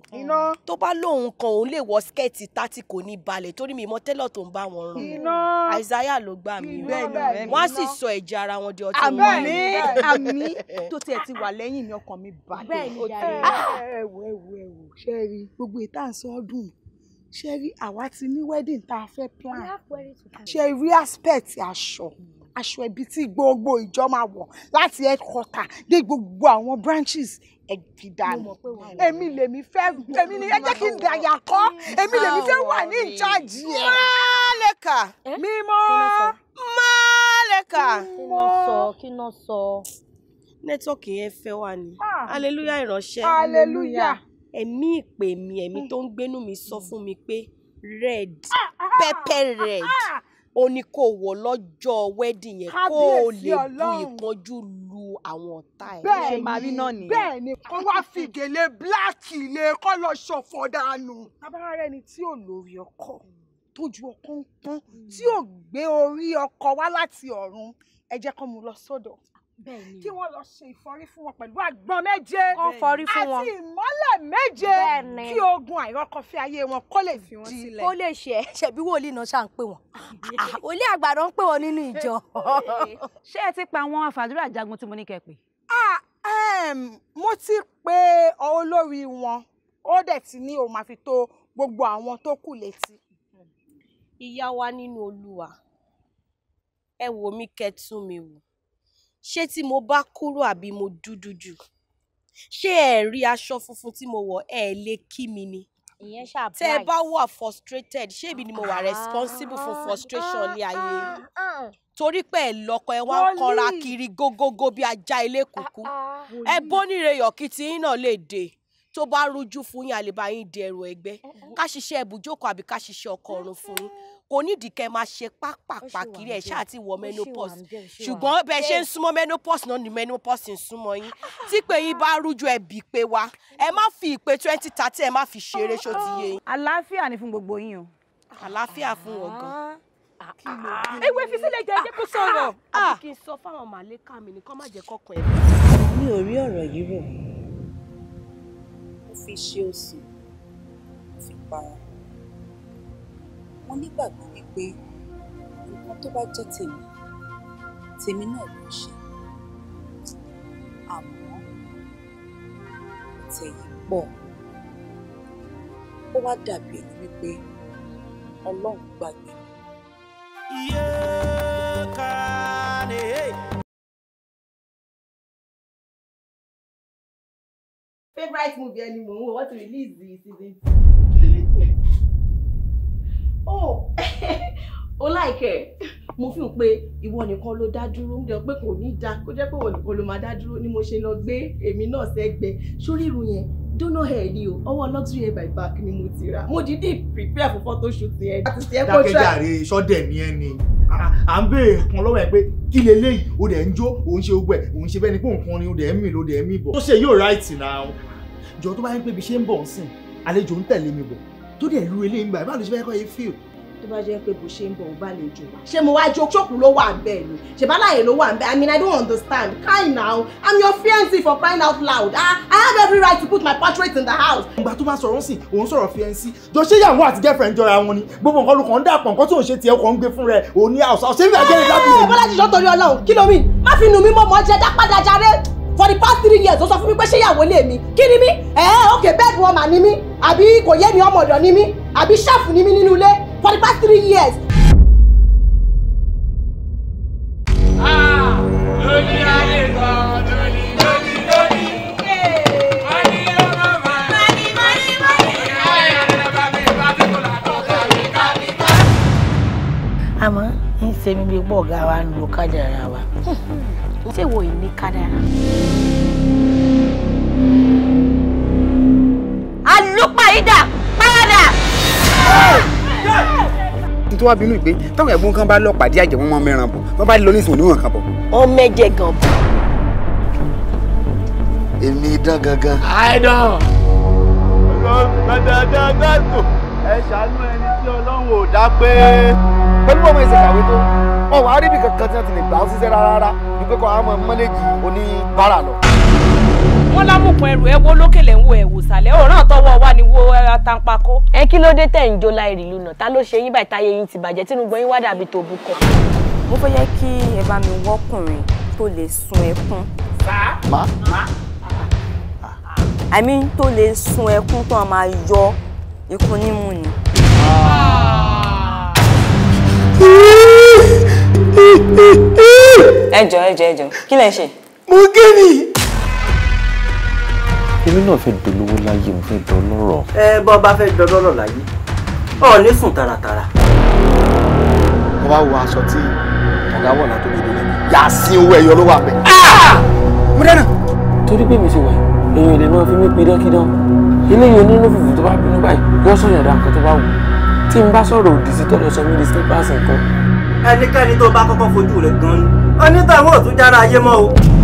tó bá lóun kan òun lè wọ skẹ́ẹ̀tì tátì kò ní balẹ̀ torí mi mọ tẹ́lọ̀ tó ń bá wọn rán àìsáyà ló gbà mí wọ́n á sì sọ ẹ̀jẹ̀ ara wọn di ọtí wọn. àmì àmì tó tiẹ̀ ti wà lẹ́yìn mi ọkàn mi balẹ̀. bẹ́ẹ̀ ni yàrá ah. ẹ̀ wò ẹ̀ wò ẹ̀ wò ṣẹ́ẹ̀rì gbogbo ìtàn sọ́ọ́dún ṣe rí àwa ti ní wedding tá a fẹ́ plan ṣe rí aspect aṣọ aṣọ ẹbí tí gbogbo ìjọ máa wọ̀ láti headquarter dé gbogbo àwọn branches ẹ̀gìdànù èmi lèmi fẹ́ èmi ni ẹ jẹ́ kí n dàyà kọ́ èmi lèmi fẹ́ wà ní ìjáàjì ẹ̀. málẹ̀kà mímọ́ málẹ̀kà. kí ló sọ kí ló sọ. nẹ́tọ̀kì yẹn fẹ́ wà ní. Ah. hallelujah ìránṣẹ́. hallelujah ẹ̀mí ìpè mi ẹ̀mí tó ń gbénú mi sọ mm. fún mi pé red ah, ah, ah, pepper red ó ní kó wọ lọ́jọ́ wedding yẹn kó o lè bu ìpọ́njú lu àwọn ọ̀tá ẹ̀. bẹ́ẹ̀ ni bẹ́ẹ̀ ni kó wá fi gèlè bíláàkì lé kó lọ ṣọ̀fọ̀ dànù. abára rẹ ni tí ò lórí ọkọ tójú ọkọ ń pọ́n mm. tí ò gbé orí ọkọ wá láti ọ̀run ẹ jẹ́ kó mu lọ sọ́dọ̀ kí wọ́n lọ ṣe ìfọrí fún wọn pẹ̀lú àgbọn méje àti ìmọ́lẹ̀ méje kí ogun àìrọ́kọ̀fí ayé wọn kó lè fi wọn sílẹ̀. ó lè ṣe ẹ ṣebí wòlíì náà ṣáà ń pè wọn ah, wòlíì àgbàdo ń pè wọn nínú ìjọ. ṣé ẹ ti pa àwọn àfàdúrà jagun tí mo ní kẹ́ pè. Ah, ehm, mo ti pe olórí wọn ó dẹ̀ ti ní òun máa fi tó gbogbo àwọn tó kù létí. ìyá wa nínú olúwa ẹ wò mí kẹ́ tún mi wò ṣé tí mo bá kúrò àbí mo dúdú jù ṣé ẹ rí aṣọ funfun tí mo wọ̀ ẹ lè kí mi ni ìyẹn tẹ ẹ bá wà frustrated ṣé èmi ni mo wà ah, responsible for frustration ní ayé ah, ah, torí pé ẹ lọkọ ẹ wá ń kanra kiri gógógó bí ajá ilé kúkú ẹ bónire yọkìtì yín náà lè dé tó bá rújú fún yín àlèbá yín dẹrù ẹgbẹ́ mm, mm. ká ṣiṣẹ́ ibùjókòó àbí ká ṣiṣẹ́ ọkọ ọrùn fún yín kò nídìí kẹ́ máa ṣe pápápá kiri ẹ̀ ṣáà ti wọ menopause ṣùgbọ́n bẹ́ ẹ ṣe ń súnmọ́ menopause náà ni menopause ń súnmọ́ yín tí pé yín bá rújú ẹ bí pé wa ẹ má fi ìpè twenty thirty ẹ má fi ṣeré ṣó ti yé yín. àlàáfíà ni fún gbogbo yín o. àlàáfíà fún wọn gan ah, ah, ah. ewé fi sílẹ̀ jẹ́ jẹ́ kó sọ̀rọ̀. àbí kí n sọ fáwọn màlẹ́kà mi ni kó má jẹ́ kọ́kàn ẹ̀. mi ò rí ọ̀rọ̀ yìí rò mo fi ṣe oṣù mo fi para wọ́n nígbàgbọ́ wípé nǹkan tó bá jẹ́ tèmi tèmi náà ló ń ṣe àmọ́ tẹ̀yí pọ̀ ó wá dàbí ẹni wípé ọlọ́run gbàgbé. iye kan èyí. favourite movie ẹni mò ń wọ́n ti release the season two. ó láìkẹ́ mo fi hàn pé ìwọ nìkan ló dá dúró ń jẹ pé kò ní dáa kó jẹ́ pé ìwọ nìkan ló máa dá dúró ni mo ṣe lọ gbé èmi náà sẹ́gbẹ́ sórí irun yẹn dóná ẹ̀ ni o ọwọ́ luxury hair by back ni mo ti rà mo dìídì prepare fún photoshoot yẹn láti ṣe é kó ṣá. dákẹ́jàre sọ́dẹ̀ ni ẹ ni à ń béèrè kan lọ́wọ́ ẹ pé kí leléyìí o dẹ̀ ń jó òun ṣe gbẹ òun ṣe bẹ́ẹ̀ ni pé òun kan ni o dẹ̀ ń mì ló dẹ̀ ń mì bọ̀. tó ṣe yóò ráìtì náà jọ tó bá yẹn pé ibi ṣe ń bọ̀ ń sìn àlejò ń tẹ̀lé mi bọ̀ tó dẹ̀ lu eléyìí gbà báwo ló ṣe fẹ́ kọ́ yìí fíìl tó bá jẹ́ pé bó ṣe ń bọ̀ ó bá lè jò wá ṣé mo wá jó ṣòkù ló wà bẹ́ẹ̀ ni ṣèbáláyè ló wà bẹ́ẹ̀ i mean i don't understand kind now i'm your fiancé for crying out loud ah I, i have every right to put my portrait in the house. ìgbà tó bá sọ̀rọ̀ sí òun sọ̀rọ̀ fiancé jọ ṣé ìyàwó àti girlfriend jọra wọn ni gbogbo nǹkan olùkọ́ ń dàpọ̀ nǹkan tí òun ṣe tiẹ̀ kọ́ ń gbé fún rẹ̀ òun ní àwòsàn ṣé ìgbà jẹ́rìí lábì. ẹ bọ́lá jíjọ́ torí ọlọ́run kí ló mi má fi nù mí mọ́ mọ́ jẹ dá padà jàre for the past three years ó sọ fún mi pé ṣé ìyàwó lè mi kí ni mí ẹ eh, ok bed woman ni mí àbí kò yé mi ọmọ ọ̀dọ̀ ni mí àbí ṣáàfù ni mí nínú ilé for the past three years. lórí ayé kan lórí lórí lórí. àmọ́ ń ṣe mi bí pọ̀ ga wa ń lo kádàrá wa. Hmm. ṣé wo ìní kádàrá? àlùpàá ìdá pàdà tí wọ́n bínú ìgbé táwọn ẹ̀gbọ́n kan bá lọ pàdé àjẹ́ wọn máa mẹ́ran wọ́n bá lọ nísìnyí oníwọ̀n kan bọ̀. wọ́n mẹ́jẹ gan èmi idán gangan. àìdán. dandandan ẹ ṣàánú ẹni tí ọlọ́run ò dá pé. pẹ̀lú ọmọ ìṣẹ̀ kàwé tó wọn wàá rí ibì kankan tí wọ́n ti lè gbà ó ṣiṣẹ́ rárá rárá ní àwọn ọmọ mọ́lẹ́jì oní lọ wọ́n lábùkún ẹrù ẹ wo lókè lẹ́ ń wo ẹ̀wò sàlẹ̀ òórùn àtọwọ́ wa ni wo atanpako. ẹ kí ló dé tẹ̀ ń jó láìrí lùnà ta ló ṣe yín báyìí táyé yín ti bàjẹ́ tínú gbọ́n yín wá dàbí tòbú kan. mo fẹ́ yẹ kí ẹ bá mi wọ́kùnrin tó lè sun ẹkún. má má. àmì tó lè sun ẹkún tó máa yọ ikú nímú ni. Ah. ẹ jọ ẹ jọ ẹ jọ kí lẹ ṣe. mo gé ni èmi náà fẹ́ dolówó láyé mo fẹ́ dọlọ́rọ̀. ẹ bọ́ bá fẹ́ dọlọ́rọ̀ láyé ọ̀ ní sùn tààràtààrà. mo bá wo aṣọ tí ọ̀gá wọ̀ látó gbèdé lẹ́nu yà á sin owó ẹ̀yọ ló wà pẹ́. Ah! mo dáná. torí pé mi ti wẹ̀ èèyàn lè máa fi mí pidán kídán ilé yìí onínú fùfù tó bá bínú báyìí yóò sọ̀yàn dá nǹkan tó bá wù tí n bá sọ̀rọ̀ òdì sí tọ́lọ sọ mí di slippers nǹkan. ẹnikẹ́ni tó bá kọ́kọ́ fojú rẹ̀ gan-an onítàwọn ò tún jára ayé mọ́ o.